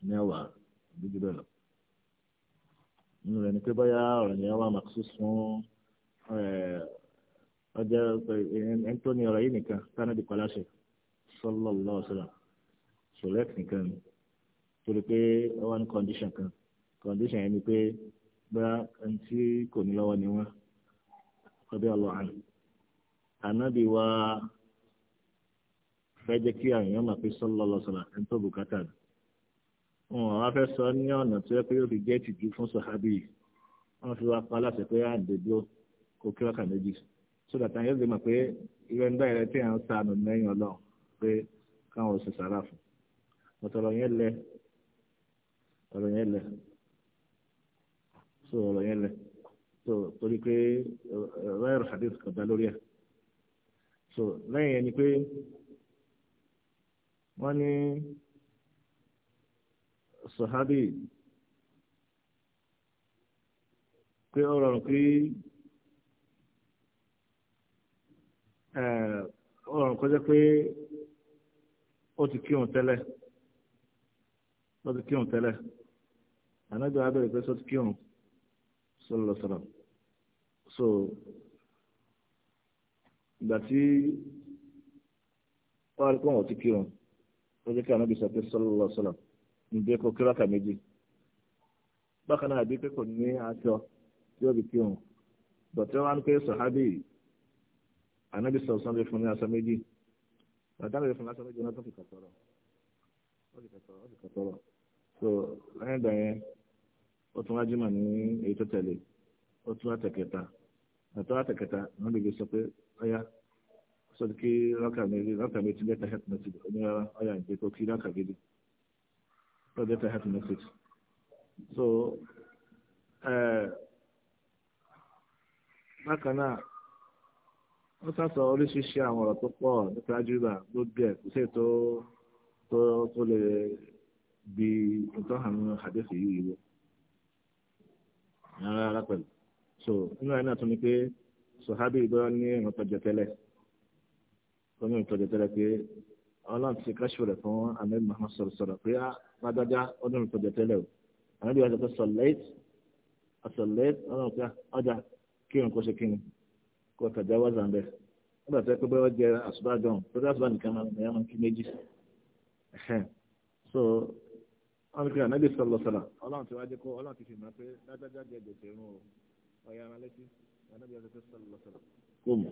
mẹ́wàá dídí bẹ́ẹ̀ lọ. nínú rẹ̀ ni pé bóyá ọ̀rọ̀ yẹn wà maksus fún ọjọ́ ẹ̀ńtọ́ni ọ̀rọ̀ yìí nìkan tánàdì kọ́láṣẹ sallallahu alaihi wasallam select nìkan ni torí pé ó wà ní condition kan condition yẹn ni pé bóyá ẹni tí kò ní lọ́wọ́ ni wọ́n radiyallahu anhu ànábì wa fẹ́ jẹ́ kí àwọn èèyàn máa fi sallallahu alaihi wasallam ẹni tó bùkátà ni wọn wá fẹ́ sọ ní ọ̀nà tó yẹ pé yóò fi jẹ́ ìtìjú fún sọ̀hábì wọn fi wá pa aláṣẹ pé à ń dèbò kó kí wákà méjì sódà táwọn yóò lè mọ̀ pé irú ẹni báyìí rẹ tí à ń sànù lẹ́yìn ọlọ́run pé káwọn ò sì sàrà fún ọ̀tọ̀rọ̀ yẹn lẹ ọ̀rọ̀ yẹn lẹ so ọ̀rọ̀ yẹn lẹ so torí pé eh, eh, ráyọ̀rù hadith kan dá lórí ẹ̀ so lẹ́yìn ẹni pé wọ́n ní sahabi pé ó rọrùn pé eh, ó rọrùn kọjá pé ó ti kírun tẹ́lẹ̀ ó ti kírun tẹ́lẹ̀ ànájọ́ abẹ́rẹ́ pé sọ́ọ́ ti kírun sallallahu alaihi wasallam so ìgbà tí wọ́n rí pé wọ́n ti kírun ó jẹ́ kí àwọn ọ̀gbìn sọ pé sọ́lọ́ sọ́lọ́ níbi kó kíráka méjì bákan náà àbí pé kò ní aṣọ tí ó fi kírun bọ̀tẹ́ wọn pé sọ̀hábì ànábì sọ̀rọ̀ sọ́nbẹ̀ fún ní aṣọ méjì bàtà lè fún aṣọ méjì náà tó fi kọ̀tọ̀rọ̀ ó fi kọ̀tọ̀rọ̀ ó fi kọ̀tọ̀rọ̀ so lẹ́yìn ìgbà yẹn ó tún wájú mọ̀ ní èyí tó tẹ̀lé ó tún wá tẹ̀kẹta na àtàwátà kẹta wọn lè gbé sọ pé ọyá sọ kí rákà méjì rákà méjì lẹ́tà health message onírara ọyá ìgbé kó kí rákà méjì lọ lẹ́tà health message so bákan náà si sàtọ̀ oríṣiríṣi àwọn ọ̀rọ̀ tó pọ̀ nípa ajúbà lóbi ẹ̀ kò sí ètò tó bi so nínú àyìn náà tún ni pé sọ̀hábì ìgbọ́ ní ìrìn tọ́jọ tẹ́lẹ̀ tó ní ìrìn tọ́jọ tẹ́lẹ̀ pé ọlọ́run ti káṣù rẹ̀ fún ahmed muhammad sọ̀rọ̀ sọ̀rọ̀ pé lágbájá ọdún ìrìn tọ́jọ tẹ́lẹ̀ o àwọn ìdíwájú pé sọ̀lẹ́t àsọ̀lẹ́t ọlọ́run pé ọjà kí irun kó ṣe kíni kó tàjà wá zàǹbẹ̀ nígbà tó yẹ pé bẹ́ẹ̀ wọ́n jẹ àṣùbà jọ̀hún torí àṣùbà nìkan máa ń kí méjì so wọn ní pé ànábì sọlọ sọlá ọlọ́run ti wá jẹ́ kó ọlọ́run ti fi mọ̀ pé lágbájá jẹ gbèsè irun o kùm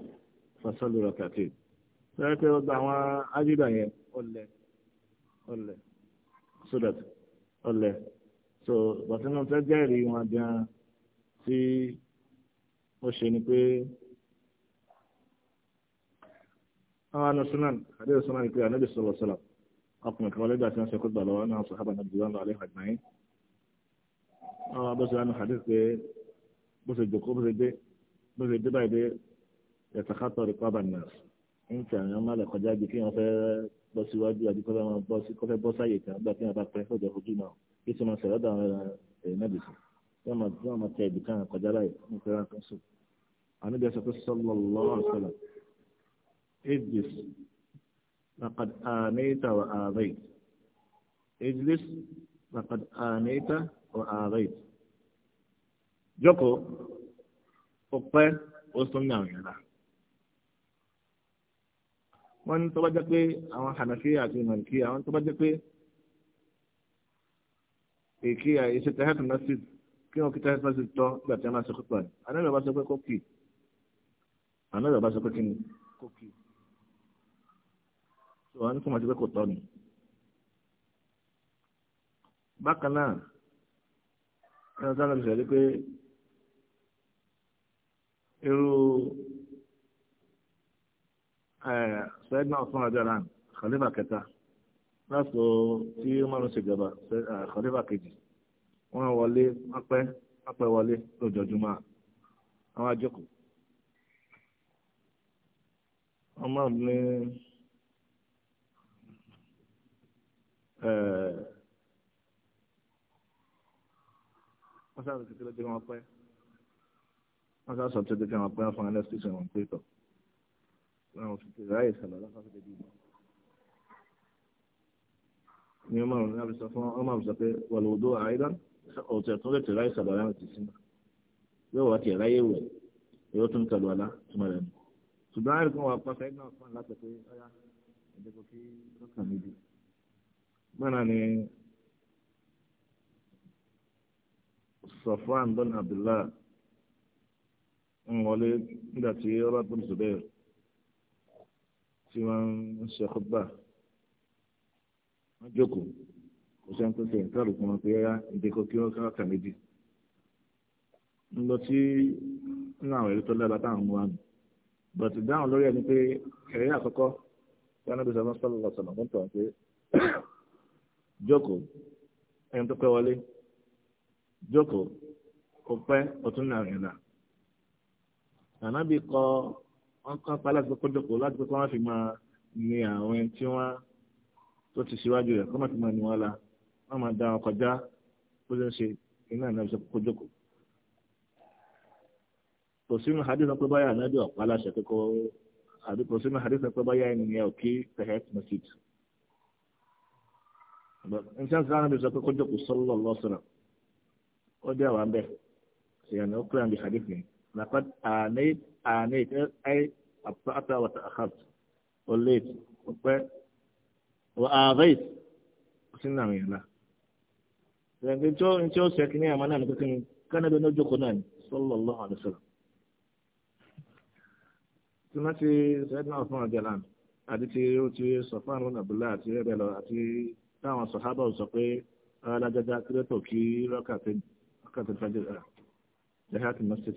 fasalu rakati sọ́yẹ́ pé ọgbà àwọn ájúdà yẹn ọlẹ̀ ọlẹ̀ sódàtì ọlẹ̀ so bàtínú tẹ́ jẹ́rìí wọn gan tí ó ṣe ni pé àwọn anusunan àdéhùn sunan ni pé ànábì sọlọ sọlọ ọkùnrin kan lẹ́gbàá tí wọ́n ṣe kó gbà lọ́wọ́ náà sọ̀hábà náà jùlọ lọ́wọ́ àléhùn àgbáyé àwọn abọ́sọ̀rọ̀ àná hadith pé bó ṣe jòkó bó ṣe dé bó ṣe dé báyìí dé ẹ̀sàkátọ̀ rẹ̀ pàbà nà ń tẹ àwọn ọmọ alẹ́ kọjá bí kí wọ́n fẹ́ bọ́ síwájú àti kọ́ fẹ́ bọ́ sí kọ́ fẹ́ bọ́ sáyè kan gbà kí wọ́n bá pẹ́ fọ́jọ́ fojú náà kí tí wọ́n sẹ̀rọ̀ dà wọn ẹ̀rẹ̀ náà bìsì wọ́n máa wọ́n máa tẹ ibì kan kọjá láyè ń fẹ́ rántí sùn. àníbi ẹsẹ̀ pé sallallahu alaihi wasallam ijlis laqad anayta wa aghayt ijlis laqad anayta wa aghayt Joko, ó pẹ́ ó sún ní àwọn ìyàrá wọ́n ní tó bá jẹ́ pé àwọn hànàfíà àti màlìkíyà àwọn tó bá jẹ́ pé èké àìṣe tẹ́hẹ́tù masjid kí wọ́n kí tẹ́hẹ́tù masjid tọ́ nígbà tí a máa ṣe pípa ẹ̀ anáyọ̀ bá sọ pé kókì anáyọ̀ bá sọ pé kíni kókì tó wà tó máa ṣe pé kò tọ́ ni. bákan náà ẹni tó ń lọ sí ẹ̀ irú sẹ́yìn náà fún ọjọ́ náà khalifa kẹta lásìkò tí wọ́n ń ṣèjọba khalifa kejì wọ́n wọlé ọpẹ́ ọpẹ́ wọlé lójoojúmọ́ àwọn àjọkù ọmọ mi wọ́n sábà kékeré jẹ́ wọn pẹ́ wọ́n sá sọ tó dé kẹ́wọ̀n pé wọ́n fún ẹlẹ́sìn sí wọn pé tọ̀ láwọn fi tèrè ráyè sàlọ̀ láfàfẹ́ débi ìmọ̀ ni wọ́n máa ń rábí sọ fún wọ́n máa ń sọ pé wọ́n lò dó àìdán ọ̀tẹ̀ tó lè tèrè ráyè sàlọ̀ láwọn ti sínú yóò wá tèrè ráyè wẹ̀ yóò tún tẹ̀lé ọ̀la túmọ̀ rẹ̀ ṣùgbọ́n àìrí kan wà pa fẹ́ náà bin Abdullah ń wọlé nígbà tí ọba bin Zubair tí wọ́n ń ṣe khutba wọ́n jókòó kò sẹ́ni tó ṣe nǹkan àlùkò wọn pé yára ìdíkọ́ kí wọ́n káàkà méjì. ń lọ sí nínú àwọn ẹ̀rí tó lára táwọn mú wa nù bọ̀tù dáhùn lórí ẹni pé ẹ̀rí àkọ́kọ́ tí wọ́n ń bẹ̀rẹ̀ sọ́nà lọ́sọ̀nà fún tọ̀ pé jókòó ẹni tó pẹ́ wọlé jókòó kò pẹ́ ọ̀tún náà rìn náà ànábì kọ wọn kọ pa láti kó jókòó láti kó wọn fi máa ní àwọn ẹni tí wọn tó ti síwájú rẹ kó má fi máa ní wọn la wọn máa dá wọn kọjá bó ṣe ń ṣe iná ànábì sọ kó jókòó kò sínú hadith náà pé báyà ànábì ọ̀pá aláṣẹ kíkọ àbí kò sínú hadith náà pé báyà ènìyàn òkè tẹ̀hẹ́t masjid. nǹkan tí ànábì sọ pé kó jókòó sallallahu alaihi wasallam ó dé àwọn abẹ́ ṣèyàn ní ó kúrò àbí hadith yẹn. لقد آنيت آنيت أي أبطأت وتأخرت قليت وآغيت سنة من الله لأن تشو تشو سكني أمانة لكن كان بنوجو كناني صلى الله عليه وسلم ثم سيدنا عثمان رضي الله عنه أدتي يوتي صفان رون أبو الله أتي يبلا أتي تاما صحابة وصفي قال جدا كريتو كي ركاتين ركاتين فجر آه. جهات المسجد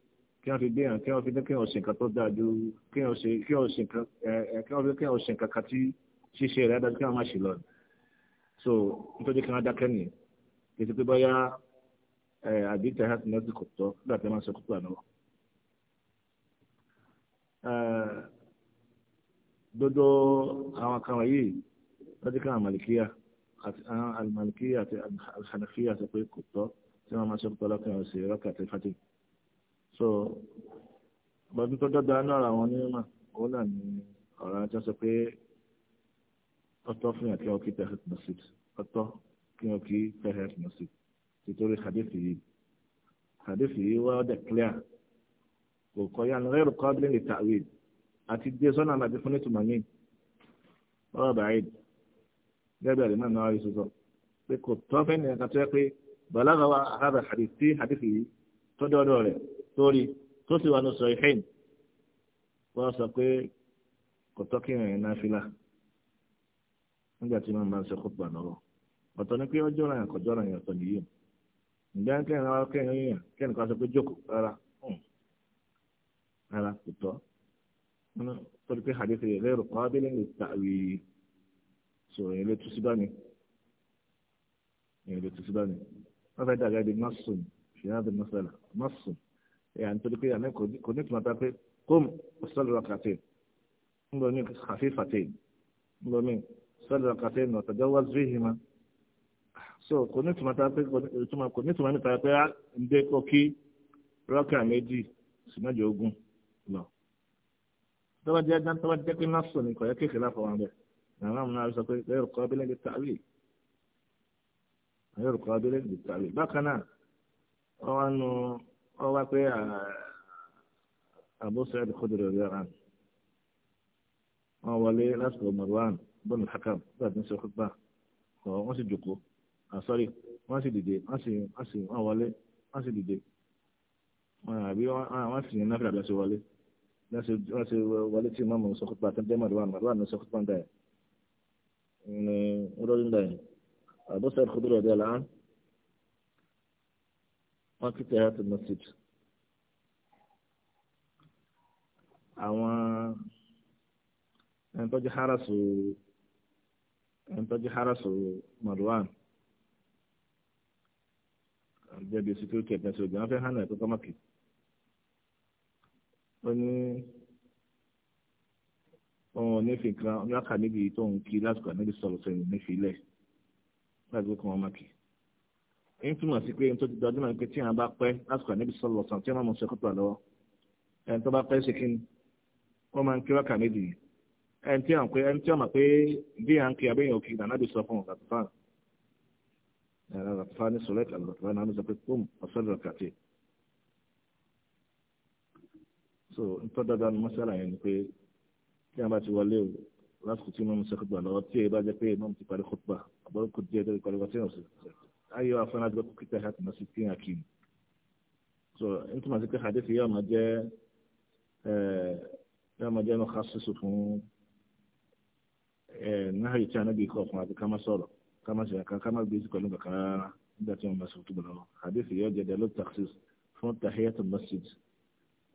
kí wọ́n fi gbé hàn kí wọ́n fi ní kí wọ́n ṣe nǹkan tó dáa ju kí wọ́n ṣe kí wọ́n ṣe nǹkan kí wọ́n fi kí wọ́n ṣe nǹkan tí ṣíṣe rẹ̀ dájú kí wọ́n má ṣe lọ. so nítorí kí wọ́n dákẹ́ nìyẹn kì í ṣe pé bóyá àbí tẹ̀hán ti náà ti kò tọ́ nígbà tí wọ́n máa ṣe kúkú àná. dodo àwọn kan wọ̀nyí lọ́jọ́ kí àwọn màlìkíyà àti àwọn àlùmàlìkíyà àti àlùhànàfíyà sọ pé kò tọ́ tí wọ́n máa ṣe kúkú so bọ́dún tó dọ́gba náà àwọn onímọ̀ òun náà ni ọ̀rọ̀ ajá sọ pé ọtọ́ fún yàn kí wọ́n kí tẹ̀hẹ́tì nọ́sìt ọtọ́ kí wọ́n kí tẹ̀hẹ́tì nọ́sìt títorí hadith yìí hadith yìí wá ọ̀dẹ̀ clear kò kọjá ní rẹ́rù kọ́bílì ní tàwíìd àti dé sọ́nà àmàdé fún ìtumọ̀ mi ọ̀rọ̀ bàáìd gẹ́gẹ́ bí náà náà sọ pé kò tọ́ fẹ́ nìyẹn kan tó yẹ pé bàlágà wa àhàbà hadith tí hadith yìí tó dọ́dọ̀ rẹ̀ torí tó sì wà ní sọ ìhìn wọ́n sọ pé kò tọ́ kí ìrìn náà fila nígbà tí wọ́n máa ń ṣe kópa lọ́wọ́ ọ̀tọ̀ ni pé ọjọ́ ra yàn kọjọ́ ra yàn ọ̀tọ̀ nìyí ǹjẹ́ kẹ́hìn náà kẹ́hìn yàn kẹ́hìn kan sọ pé jókòó rárá rárá kò tọ́ torí pé hadith yẹn lérò kọ́ abẹ́lẹ́ lè ta àwì sọ̀rọ̀ yẹn lè tú sí bá mi yẹn lè tú sí bá mi wọ́n fẹ́ dàgbà di masun ṣìyàn àti masala masun yàrá nítorí pé àná kò ní tòmátà pé kóm sọ́ọ̀lù rakàtẹ́ ńlọ ní kàfífàtẹ́ ńlọ ní sọ́ọ̀lù rakàtẹ́ ní ọ̀tọ̀jọ́ wá sí ìhìmá so kò ní tòmátà pé kò ní tòmátà nípa pé á ah, ń dé kó kí rákà méjì sí mẹ́jọ ogún lọ. tọ́wọ́ jẹ́ tọ́wọ́ jẹ́ pé náà sọ ní kọ̀yẹ́ kékeré àfọwọ́n bẹ̀ àwọn àmì náà sọ pé lẹ́yìn kọ́ abẹ́lẹ́ ní tàbí lẹ́yìn kọ́ abẹ́lẹ́ ní tàbí bákan náà wọ́n wá nu wọ́n wá pé Abu Sa'id Khudri radiyallahu anhu wọ́n wọlé lásìkò Marwan bọ́ọ̀lù hakam nígbà tí ń ṣe khutba wọ́n sì jòkó àsọ́rí wọ́n sì dìde wọ́n sì wọ́n sì wọ́n wọlé wọ́n sì dìde wọ́n àbí wọ́n sì yẹn náfìlà bí wọ́n ṣe wọlé wọ́n ṣe wọlé tí mọ́mọ́ sọ khutba tó ń jẹ́ Marwan Marwan ló sọ khutba ń dà yẹn ní ọdọ́dún dà yẹn Abu Sa'id Khudri radiyallahu anhu wọ́n kí tẹ̀yà tó mọ́síd. àwọn ẹni harasu ẹni tọ́jú harasu Marwan jẹ́bi security ẹ̀gbẹ́sẹ̀ òjò wọn fẹ́ hàn ẹ̀kọ́ kọ́mọ́kì. ó ní òun ò ní fi kan ní wákà níbi tó ń kí lásìkò ànábì sọ̀rọ̀ sẹ́yìn nífi ilẹ̀ láti gbé kọ́ wọn mọ́kì ń túmọ̀ sí pé tó ti dọjú náà pé tí àwọn bá pẹ́ lásìkò àníbi sọ lọ̀sán tí wọ́n mọ̀ sọ kópa lọ́wọ́ ẹni tó bá pẹ́ ṣe kí ni wọ́n máa ń kí wákà méjì ẹni tí wọ́n mọ̀ pé bí à ń kí abẹ́yẹn òkè ìdáná bí sọ fún ọ̀gá tó fáà ẹ̀rọ rẹ̀ fáà ní sọ̀rọ̀ ẹ̀ka lọ́tọ̀ fáà náà ló sọ pé pọ́ùm ọ̀sẹ̀ lọ kàtì. so ń tọ́ dandan mọ́sálà yẹn ni pé tí wọ́n bá ti wọlé o lásìkò tí wọ́n mọ̀ sọ kópa أيوة أصلا أدبك كتاب هاتنا ستين أكيد so أنت ما ذكر حديث يوم جاء يوم جاء مخصص فون نهي كان نبي خوف ما كما صار كما جاء كما بيز كل ما كان ذات يوم مسوت بلا حديث يوم جاء له تخصيص فون تحية المسجد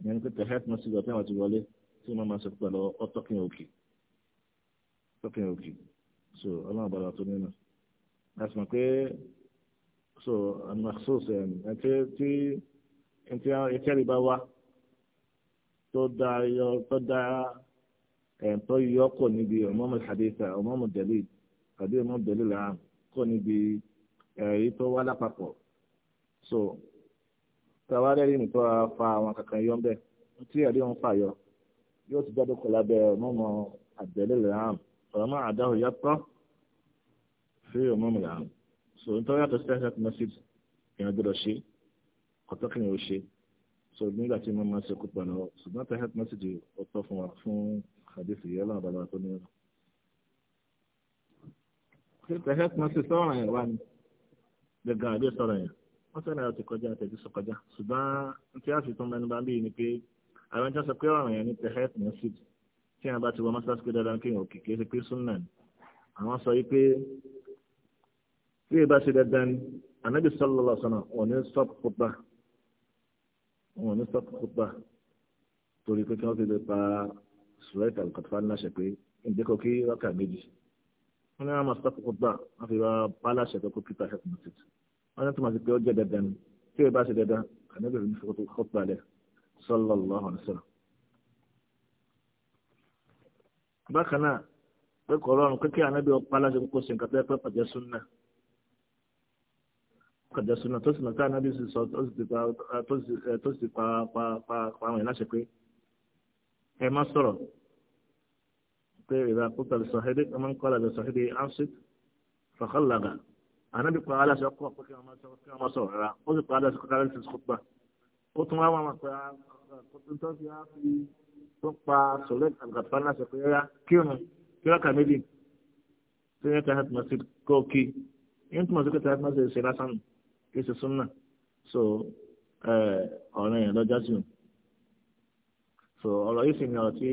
يعني كنت تحية المسجد وتم وتقولي ثم ما سبق له أتقن أوكي أتقن أوكي so الله بلا تونينا أسمع كي so amaxus ẹtí tí ẹtí ẹtẹ́rì bá wá tó da yọ tó da tó yọ kò níbi ọmọọmọ haditha ọmọọmọ dẹlí tàbí ọmọọmọ dẹlí là kò níbi èyí tó wá lápapọ̀ so tàwárẹ́ yìí nìkan fa àwọn kankan yọ ńbẹ tí ẹ̀rí ń fà yọ yóò ti jáde kọ lábẹ́ ọmọọmọ àdẹ́lẹ̀ là ọmọ àdáhùn yàtọ̀ sí ọmọọmọ là so n tọ́ yàtọ̀ sí ẹ̀sẹ̀ masjid èèyàn gbọ́dọ̀ ṣe ọ̀tọ́ kìnìún ò ṣe so nígbà tí wọ́n máa ṣe kópa náà ṣùgbọ́n tẹ̀sẹ̀ masjid ọ̀tọ̀ fún wa fún àdéhùn yẹn lọ́wọ́ bàbá tó ní ọ̀nà. tẹ̀sẹ̀ masjid sọ̀rọ̀ yẹn wá ní gbẹ̀gàn àbí sọ̀rọ̀ yẹn wọ́n sọ̀rọ̀ yẹn ti kọjá tẹ̀sí sọ kọjá ṣùgbọ́n tí a sì tún mẹ́nu bá ni pé àwọn ìjọsọ pé ọ̀rọ̀ yẹn ní tẹ̀sẹ̀ masjid tí a bá ti wọ mọ́sáàsì sọ pé bí ẹ bá ṣe dandan ni anabi sallallahu alaihi wasallam wọn ní stop khutbah wọn ní stop khutbah torí pé kí wọn fi lè pa sùrẹ́tà kọ̀tùfà ní láṣẹ pé ǹjẹ́ kò kí rákà méjì wọn ní àwọn stop khutbah wọn fi bá láṣẹ tó kó kíta ẹ̀kọ́ mọ́tì wọn ní tó máa pé ó jẹ́ dandan ni bí ṣe dandan anabi rẹ̀ ní khutbah lẹ̀ sallallahu alaihi wasallam. bákan náà pé kọ̀ọ̀rọ̀ ọ̀run kékeré anabi ọ̀pá láṣẹ kókó sí nǹkan tó yẹ kọjá súnà tó sì mọ̀ pé ànábì sì sọ tó sì ti pa tó sì pa pa pa pa àwọn ìláṣẹ pé ẹ má sọ̀rọ̀ pé ìlà kúta lè sọ̀hídì ẹ má ń kọ́ lè sọ̀hídì ansit fàkàlàgà ànábì pa aláṣẹ kọ́ pé kí wọ́n má sọ̀rọ̀ rárá ó sì pa aláṣẹ kọ́ kárẹ́ǹtì sọ́kùpà ó tún wá wọn pa tó fi á fi tó pa sọ̀lẹ́ àgbàpá aláṣẹ pé rárá kírun kíra kàmílì tó yẹ ká hàtìmọ́sí kọ́ kí ṣe súnà so ọ̀ràn yẹn lọ́jà sí o so ọ̀rọ̀ yìí sì ni ọ̀rọ̀ tí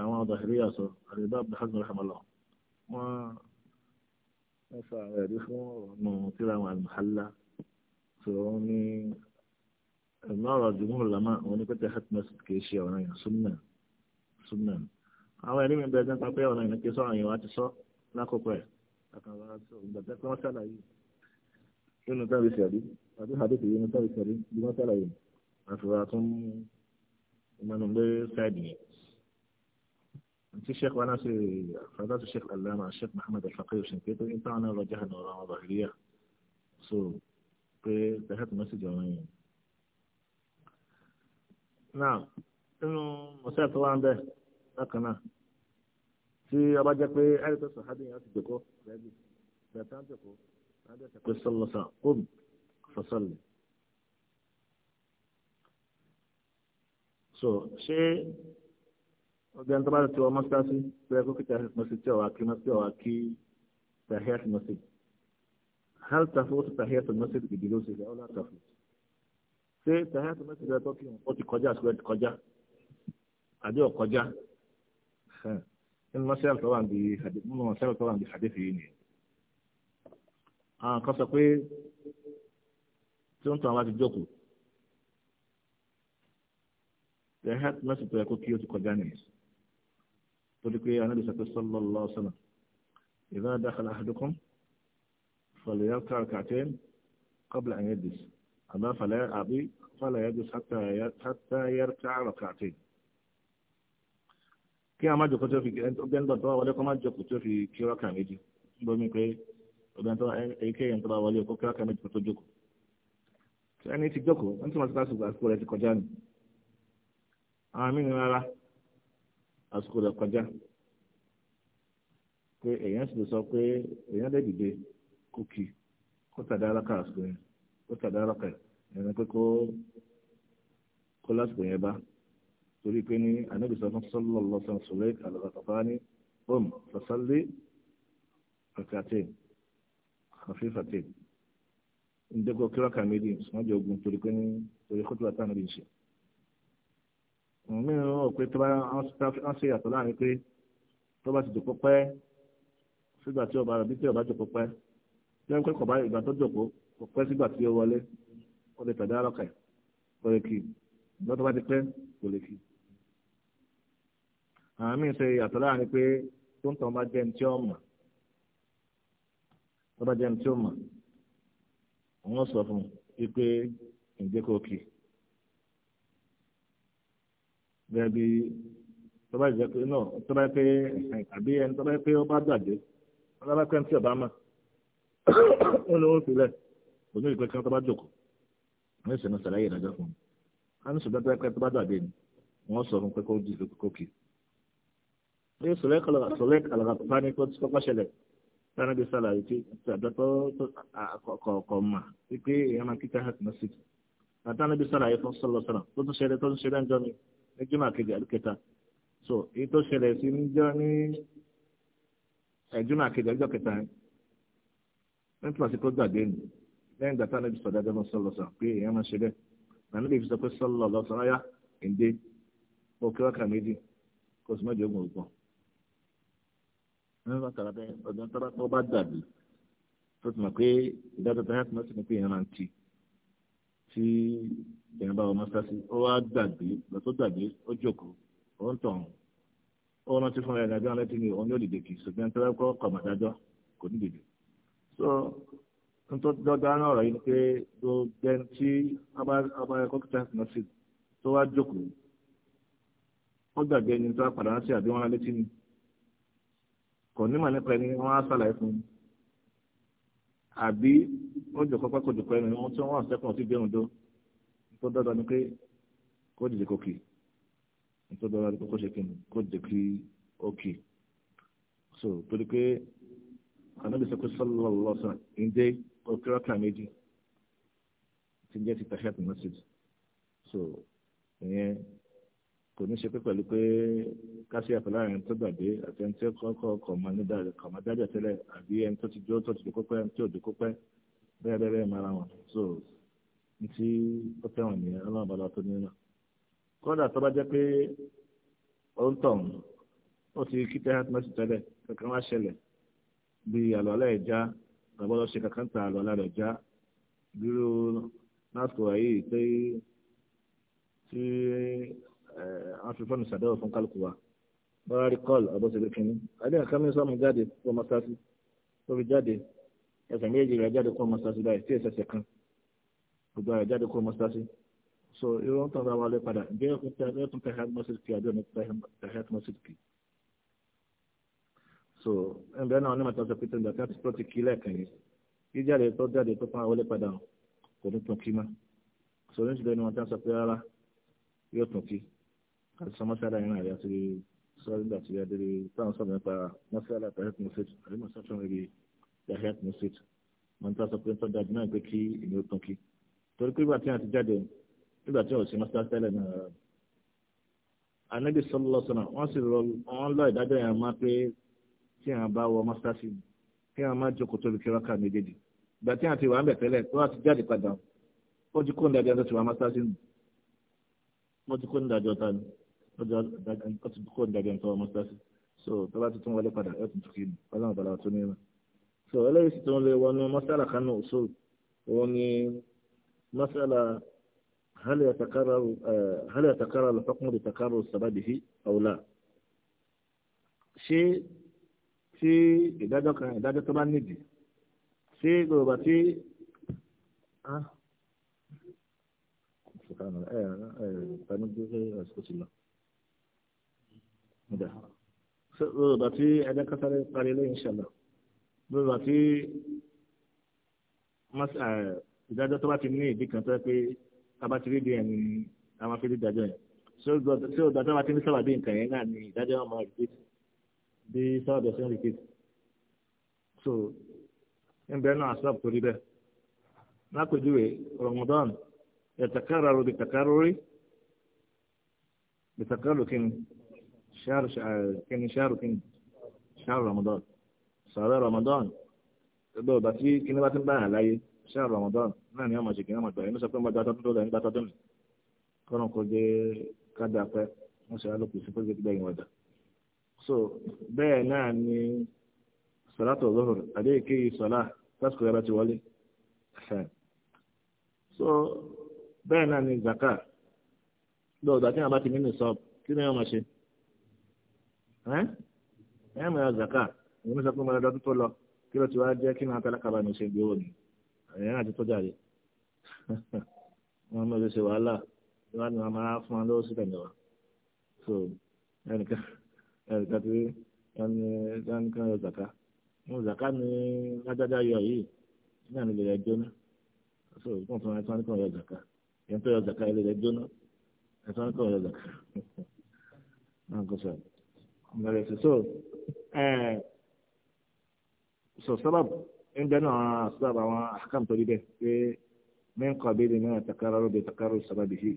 àwọn ọ̀dọ̀ ìrìyà sọ àdìbá abdulhamid rahmanulah wọ́n wọ́n sọ àwọn ẹ̀rí fún ọ̀nà tíra àwọn àlùmọ́hálà so wọ́n ní ẹ̀mí ọ̀rọ̀ jùmọ̀ lọ́mọ àwọn onípẹ̀tẹ̀ hatmas kì í ṣe ọ̀ràn yẹn súnà súnà àwọn ẹ̀rí mi bẹ̀rẹ̀ nípa pé ọ̀ràn yẹn kì í sọ àwọn yẹn wá ti sọ lákòókò ẹ̀ àkànlá sọ ìgbà nínú tábí sẹ̀rí àti àdéhùn yìí nínú tábí sẹ̀rí bí wọ́n sẹ́lẹ̀ yìí àfihàn انت الشيخ وانا في فضلت الشيخ العلامة الشيخ محمد الفقيه الشنقيطي انت انا وجهنا وراء ظهرية سو في تحت مسجد يومين نعم انه مسألة طبعا ده اقنا في رجل في عائلة الصحابية يأتي لا تنتقو pé sọlọsà kóòbù fọsọlẹ. so ṣé ọgbẹ́ni tó bá ti wọ mọ́sálásí pé kókè tàhíyàtì mọ́sí tí ọ̀wá kí mọ́sí ọ̀wá kí tàhíyàtì mọ́sí. hal tafutu tàhíyàtì mọ́sí gidi ló ṣe ṣe ọ̀là tafutu. ṣé tàhíyàtì mọ́sí rẹ̀ tó kí wọ́n ti kọjá àṣọ ẹ̀ ti kọjá àbí ọ̀kọjá. nínú mọ́sálásí tó wà ní hadith yìí nìyẹn àwọn kan sọ pé tí wọ́n tún àwọn àti jókòó the health message tó yẹ kó kí o ti kọjá nìyẹn torí pé anábì sọ pé sallallahu alaihi wasallam idha dakhala ahadukum falyarka' rak'atayn qabla an yajlis àbá fàlẹ́ àbí fàlẹ́ yajlis hatta yarka' rak'atayn kí a má jókòó tó fi ẹni tó gbẹ́ńdọ̀ wọlé kó má jókòó tó fi kí ọ́kà méjì gbómi pé obìnrin tó èyíkéyìí tó bá wọlé òkú kíláàkà méjì tó tó jókòó tí ẹni ti jókòó ń túmọ̀ sí lásìkò àsìkò rẹ̀ ti kọjá ni àwọn mí ni rárá àsìkò rẹ̀ kọjá pé èèyàn sì lè sọ pé èèyàn lè dìde kó kì kó tàdá alákà àsìkò yẹn kó tàdá alákà yẹn pé kó kó lásìkò yẹn bá torí pé ní ànábì sọ fún sọlọ lọsàn sọlẹ àlọkàtà bá ní bọm fasalé àkàtẹ kọfífàtẹ ndekọ kíláka méjì sọmọjọ ogun torí pé ní torí kótó àti àná bíi ṣe mi ò pé tó bá ń ṣe yàtọ̀ láàrin pé tó bá ti dòkó pẹ́ sígbà tí ọba àbí tí ọba jòkó pẹ́ tí wọ́n pẹ́ kọ̀ bá ìgbà tó jòkó kò pẹ́ sígbà tí ó wọlé ó lè tẹ̀dá ọlọ́kà kò lè kì ìgbà tó bá ti pẹ́ kò lè kì. àwọn míì ṣe yàtọ̀ láàrin pé tó ń tàn bá jẹ́ ní tí ó mọ̀ tọ́ba jẹ́ ẹni tí ó mọ̀ wọ́n sọ fún un pé ǹjẹ́ kò kì bẹ́ẹ̀ bí tọ́ba jẹ́ pé náà tọ́ba pé àbí ẹni tọ́ba pé ó bá gbàgbé tọ́ba pé ẹni tí ọba mọ̀ ó lówó sílẹ̀ kò ní ìpẹ́kẹ́ tọ́ba jòkó ní ìṣẹ̀nà sàlàyé ìdájọ́ fún un a ní ṣùgbọ́n tọ́ba pé tọ́ba gbàgbé ni wọ́n sọ fún pé kó di kókì. ní sọlẹ́kọ̀ọ́ sọlẹ́kọ̀ọ́ àlàkàtúntà ní kó ti sára bí sàlàyé tí àdọ́tọ́ kọ̀ọ̀kọ̀ mà wípé èèyàn máa kíkà hàt masjid hak ànábi sàlàyé fún sọlọ sọlọ tó tún ṣẹlẹ̀ tó tún ṣẹlẹ̀ ń jọ mi ní jùmọ̀ kejì àlùkẹta so èyí tó ṣẹlẹ̀ sí ń jọ ní ẹ̀jùmọ̀ kejì àlùjọ kẹta ní túmọ̀ sí kó gbàgbé ni lẹ́yìn ìgbà tí ànábi sọ̀dá jẹ́mọ̀ sọlọ sọlọ pé èèyàn máa ṣe bẹ́ẹ̀ nàní lè fi sọ pé sọlọ lọ sọlọ yá èdè òkè wákà méjì kò sì mọ́jọ́ ogun ògbọ́n nínú àkàrà bẹ́ẹ̀ ọ̀dọ́ tọ́ba tó bá dàbí tó ti mọ̀ pé ìdájọ́ tó yàtọ̀ mọ́tò ní pé ìran ti tí ìran bá wọn mọ́tò sí ó wá dàbí lọ tó dàbí ó jókòó ó ń tàn ó rántí fún ẹ̀rọ ìdájọ́ alẹ́ tí mi òun yóò dìde kì í ṣùgbọ́n tó yẹ kó kọ̀mọ̀ dájọ́ kò ní dìde. so n tó dọ́dá náà ọ̀rọ̀ yìí ni pé gbogbo ẹni tí ọba ẹ̀kọ́ kìtà kò nímọ̀ nípa ẹni wọ́n á sàlàyé fún un àbí ó jò kọ́kọ́ kò jòkó ẹni wọ́n tí wọ́n wà sẹ́kùn ọtí gbé òǹdó tó dọ́dọ̀ ni pé kó dìde kòkì tó dọ́dọ̀ ni pé kó ṣe kí ni kó dìde kí òkì so torí pé ànábì sọ pé sọlọ lọ sọ ǹdẹ òkèrọkà méjì ti jẹ́ ti tàṣẹ́ àtìmọ́sí so ìyẹn kò ní ṣe pé pẹ̀lú pé kásí àpò láàrin tó gbàgbé àti ẹni tí ó kọ́kọ́ kọ̀ mọ́ nígbà kọ̀ mọ́ dájà tẹ́lẹ̀ àbí ẹni tó ti jó tó ti dòkó pẹ́ ẹni tí ò pẹ́ bẹ́ẹ̀ bẹ́ẹ̀ bẹ́ẹ̀ mara wọn so ní tí ó fẹ́ràn nìyẹn ọlọ́run bàbá tó nínú. kódà tó bá jẹ́ pé ó ń tọ̀ ó ti kí tẹ́ hàtí mẹ́sì tẹ́lẹ̀ kankan wá ṣẹlẹ̀ bí àlọ́lá ẹ̀ já bàbá lọ ṣe kankan ta àlọ́lá rẹ̀ já dúró lásìkò àyè tí Eh, afifọ́nù sàdáwọ̀ fún kálukú wa bọ́lá rí kọ́ọ̀lù ọ̀bọ̀sẹ̀gbẹ̀ kínní adé nǹkan mi sọ́mu jáde kó ọmọ sáàsì tó fi jáde ẹsẹ̀ méjì rẹ̀ jáde kó ọmọ sáàsì báyìí tí èsì ẹsẹ̀ kan gbogbo rẹ̀ jáde kó ọmọ sáàsì so irú ń tàn bá wọlé padà ǹjẹ́ ẹkùn tẹ̀ hẹ́t mọ́sídìkì àbí òní tẹ̀ hẹ́t mọ́sídìkì so ẹnbẹ́ náà onímọ̀ tọ́sọ pété ńgbà tí wọ́n ti kí lẹ́ẹ̀kan yìí kí jáde tó jáde tó fún wọlé padà kò ní tún kí mọ́ so oníṣẹ́ lẹ́nu wọn tán sọ pé rárá yóò tún kí àti sọ mọ́sálà yẹn àyà ti sọ́ọ́ nígbà tí adéré táwọn sọ̀rọ̀ nípa mọ́sálà tahiyat masjid àbí mọ́sálà rẹ̀ tahiyat masjid wọ́n ti sọ pé ń tọ́jú àdúrà pé kí èmi ó tán kí torí pé ìgbà tí wọ́n ti jáde nígbà tí wọ́n sì mọ́sálà tẹ́lẹ̀ náà anabi sọlọ sọnà wọ́n sì rọ wọn lọ ìdájọ́ yẹn máa pé tí àwọn bá wọ mọ́sálásí kí àwọn máa jókòó tóbi kí rákà méjèèjì ìgbà tí àwọn ti wà ń bẹ̀ tẹ́lẹ̀ tó wà ti jáde padà ó ti kó ń dájọ́ tó ti wà mọ́sálásí nù wọ́n ti kó ń dájọ́ ta ni lọ́jọ́ ó ti kó nígbàgbé nǹkan ọmọ sítáṣí so tó bá ti tún wọlé padà ẹ̀ tún tún kí ni ọlọ́run padà tó ní ìmọ̀ so eléyìí sì tún lè wọnú mọ́sálà kanú òṣù òun ni mọ́sálà hali àtàkárà lọ́fọ́kùn lè tàkárò sàbàbìhí àwùlà ṣé tí ìdájọ́ kan ìdájọ́ tó bá nídìí ṣé yorùbá tí ah ṣùkànnà ẹ̀ ẹ̀ ẹ̀ ẹ̀ ẹ̀ ẹ̀ ẹ̀ ẹ̀ ẹ̀ ẹ̀ ẹ̀ ọ̀dà lóòrùbà tí ẹ̀dẹ́kátàrẹ́ parí lẹ́yìn ṣẹlẹ̀ lóòrùbà tí ìdájọ́ tó bá ti ní ìdí kan tó yẹ pé abatiri di ẹni àwọn afi dídájọ́ yẹn tí ó dájọ́ bá ti ní sábàbí nǹkan yẹn náà ni ìdájọ́ wọn máa repeat bí sábàbí ọ̀sẹ̀ ń repeat so ń bẹ́ẹ̀ náà asọ́ọ̀bù tó rí bẹ́ẹ̀ lápèjúwe Ramadan yàtàkárà rò bìtàkárò rí bìtàkárò kìnnì. شهر كان شهر كان شهر رمضان شهر رمضان gbogbo ọba tí kíní bá ti ń bá yàn láyé ṣé àrùn Ramadan náà ni ọmọ ṣe kíní ọmọ ìgbà yẹn ló sọ pé ń bá dáa tọdún tó lọ ń bá tọdún kọ́nà kó jẹ́ kádà pẹ́ wọ́n ṣe alópin sí pẹ́ẹ́sì gbẹ̀yìn ọjà. so bẹ́ẹ̀ náà ni sọ̀látọ̀ lọ́hùr àdéhìké yìí sọ̀lá lásìkò yàrá ti wọlé. so bẹ́ẹ̀ náà ni zaka gbogbo ọba tí wọn bá ti nínú sọ kí ni ọmọ ṣe ẹ ẹ mọ̀ ẹ́ zaka ìwọ́n sọ pé mo lọ́dọ́ tó lọ kí ló ti wá jẹ́ kí n àtàlákàbà ní ṣe gbowó ni ẹ̀yìn àti tó jáde wọn mọ̀ ló ṣe wàhálà wọn ni wọn máa fún wọn lọ́wọ́ sí tẹ̀lé wa so ẹnìkan ẹnìkan ti ẹnìkan yọ zaka mo zaka ni lájájá yọ yìí ní àná ilẹ̀ jóná so wọn fún wọn ẹ̀sán nìkan yọ zaka yẹn tó yọ zaka ilẹ̀ jóná ẹ̀sán nìkan yọ zaka náà mẹrẹ soso ẹẹ sọsọlọb ẹnbẹ náà sọlọb àwọn akam tó di bẹ pé mẹ́ńkọ́ bíi ní náà takarọ́ bíi takarọ́ sábàbí yìí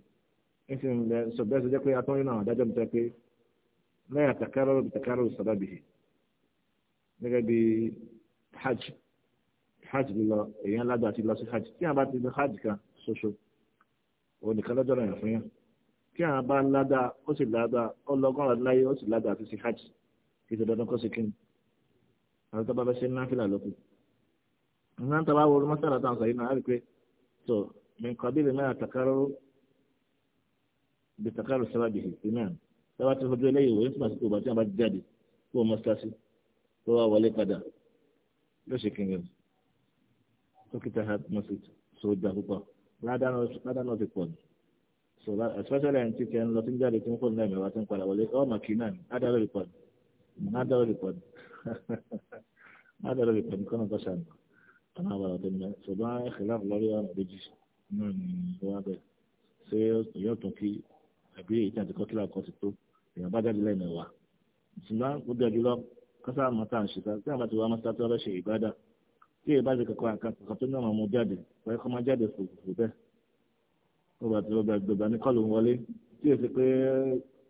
ẹsìn bẹ sọ bẹ́ẹ̀ sọ jẹ́ pé atọ́yìn náà dájọ́ mi tẹ́ pé náà takarọ́ bíi takarọ́ sábàbí yìí gẹ́gẹ́ bíi hajj hajj lílọ èèyàn ládùn àti lọ sí hajj tí a bá ti lọ hajj kan ṣoṣo òun nìkan lọ́jọ́ náà yàn fún yàn tí àwọn bá ládàá ó sì ládàá ó lọ́gọ́rùn ọdún láyé ó sì ládàá àti sí hajj kì í ṣe dandan kó sì kí ni àwọn tó bá fẹ́ ṣe ní náfìlà lókun nǹkan tó bá wọlé mọ́sálà tó ń sọ yìí náà á rí i pé tó nǹkan bí lèmi àtàkárò bí àtàkárò sábàbí iná sábà tó fojú eléyìí wòye fún àsìkò bàtí àwọn jáde kó o mọ́sálásí tó wá wọlé padà ló ṣe kí ni o dókítà sọlá especially ẹni tí kẹ́ ń lọ tí ń jáde tí ń fòlù náà mẹ́wàá tí ń padà wọlé ọmọ kì í náà ní ádàlọ́ rìpọ̀d ádàlọ́ rìpọ̀d ádàlọ́ rìpọ̀d kọ́nà tó ṣàn ọ̀nà àbàlọ̀ tó ní ṣùgbọ́n ìṣẹ̀láfù lórí ọ̀nà méjì náà ní wọ́n bẹ̀ ṣé yóò tún kí àbí èyí tí a ti kọ́ kílà kọ́ ti tó èèyàn bá jáde lẹ́nu wa ṣùgbọ́n ó dẹ̀ jùlọ kọ́sá àmọ́ta àṣìta tí àwọn àti wàá máa ṣàtọ́ ọ̀rẹ́ ṣe ìbádà tí èyí bá ṣe kankan àkàtúntò tó ní ọmọ ọmọ jáde pẹ̀lú kọ́ máa jáde fòfòfò bẹ́ẹ̀ ọba tí ọba gbẹgbẹ ní kọlù ń wọlé tí o ṣe pé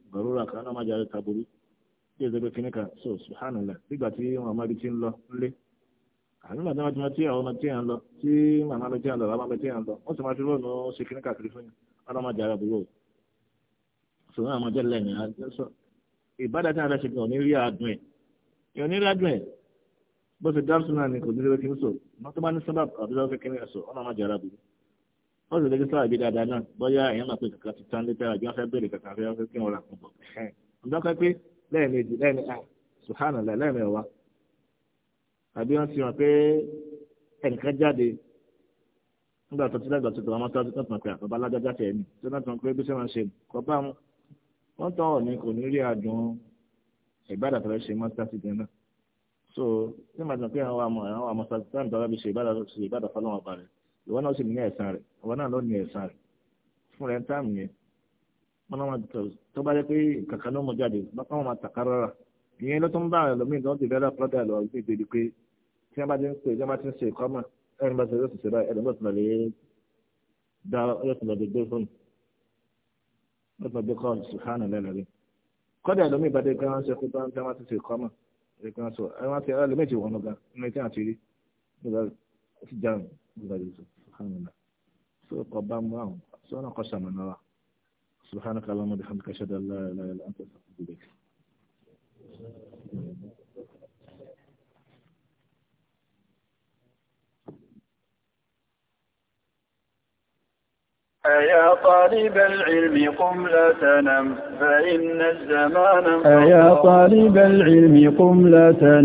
gbàrúrà kan náà má jàre taburú tí o ṣe pé kíníkà so subhanallah nígbà tí wọn máa di ti ń lọ nílé àmì màdá máa ti máa tí àwọn ọmọ tí à ń lọ tí màmá mi tí à ń lọ bàbá mi tí à ń lọ wọn sì máa fi róònù ṣe kíníkà kiri fún yín wọn náà má jàre àbúrò ṣùgbọ́n àwọn ọmọdé lẹ́yìn ìbádà tí a fẹ́ ṣe kàn ní rí àdùn ẹ̀ bó ṣe dáàbò náà ni kò ní lè kí n sọ mọ́tò bá ní sábà àbúrò fẹ́ kí n sọ ọ̀nà má jàre àbúrò wọ́n sì lè sọ̀rọ̀ àbí dáadáa náà bóyá èèyàn máa pè kankan ti tán létà àbí wọ́n fẹ́ béèrè kankan fẹ́ fẹ́ kí wọ́n ra pọ̀ ǹjọ́ pé pé lẹ́ẹ̀mejì lẹ́ẹ̀mejì subhanallah lẹ́ẹ̀mẹ̀wá àbí wọ́n ti mọ̀ pé ẹnìkan jáde nígbà tó ti lẹ́gbàá tó tọ̀ wọ́n tó tó tàn pé àbábá lájájá tẹ̀ mí tó náà tàn pé bí sẹ́wọ̀n ṣe kọ́ bá wọn wọ́n tọ̀ ní kò ní rí àdùn ìbádà tó fẹ́ ṣe mọ́tàsí gan náà so tí màá tàn pé àwọn àmọ̀ àwọn àmọ̀ sàtìtàn tó fẹ́ ṣe ìbádà fọlọ́wọ́n balẹ̀ ìwọ náà sì ní ẹ̀san rẹ̀ ìwọ náà ló ní ẹ̀san rẹ̀ fún rẹ̀ ń táàmù yẹn wọn náà máa tó bá jẹ́ pé kankan ló mọ jáde bákan wọn máa tàkà rárá ìyẹn ló tún bá àwọn ẹlòmíín tó ń tẹ̀lé ẹ̀rọ pọ́tà lọ sí ìgbèdì pé tí wọ́n bá ti ń pè tí wọ́n bá ti ń ṣe ìkọ́mọ̀ ẹ̀rọ bá ti ń ṣe báyìí ẹ̀rọ bá ti lọ́ọ́ dá ẹ̀rọ ti lọ́ọ́ gbé fún un ẹ̀rọ bí kọ́ sùhánà lẹ́nu rí kọ́dà ẹlòmíín bá dé pé wọ́n ṣe kó bá ń ti ṣe ìkọ́mọ̀ ẹ̀rọ ti ẹlòmíín ti wọ̀n gan ní tí wọ́n ti rí nígbà tí jẹun nígbà tí سبحان الله قبام واو سوانا قسم الله سبحانك اللهم وبحمدك اشهد ان لا اله الا انت استغفرك أيا طالب العلم قم لا تنم فإن الزمان أيا طالب العلم قم لا تنم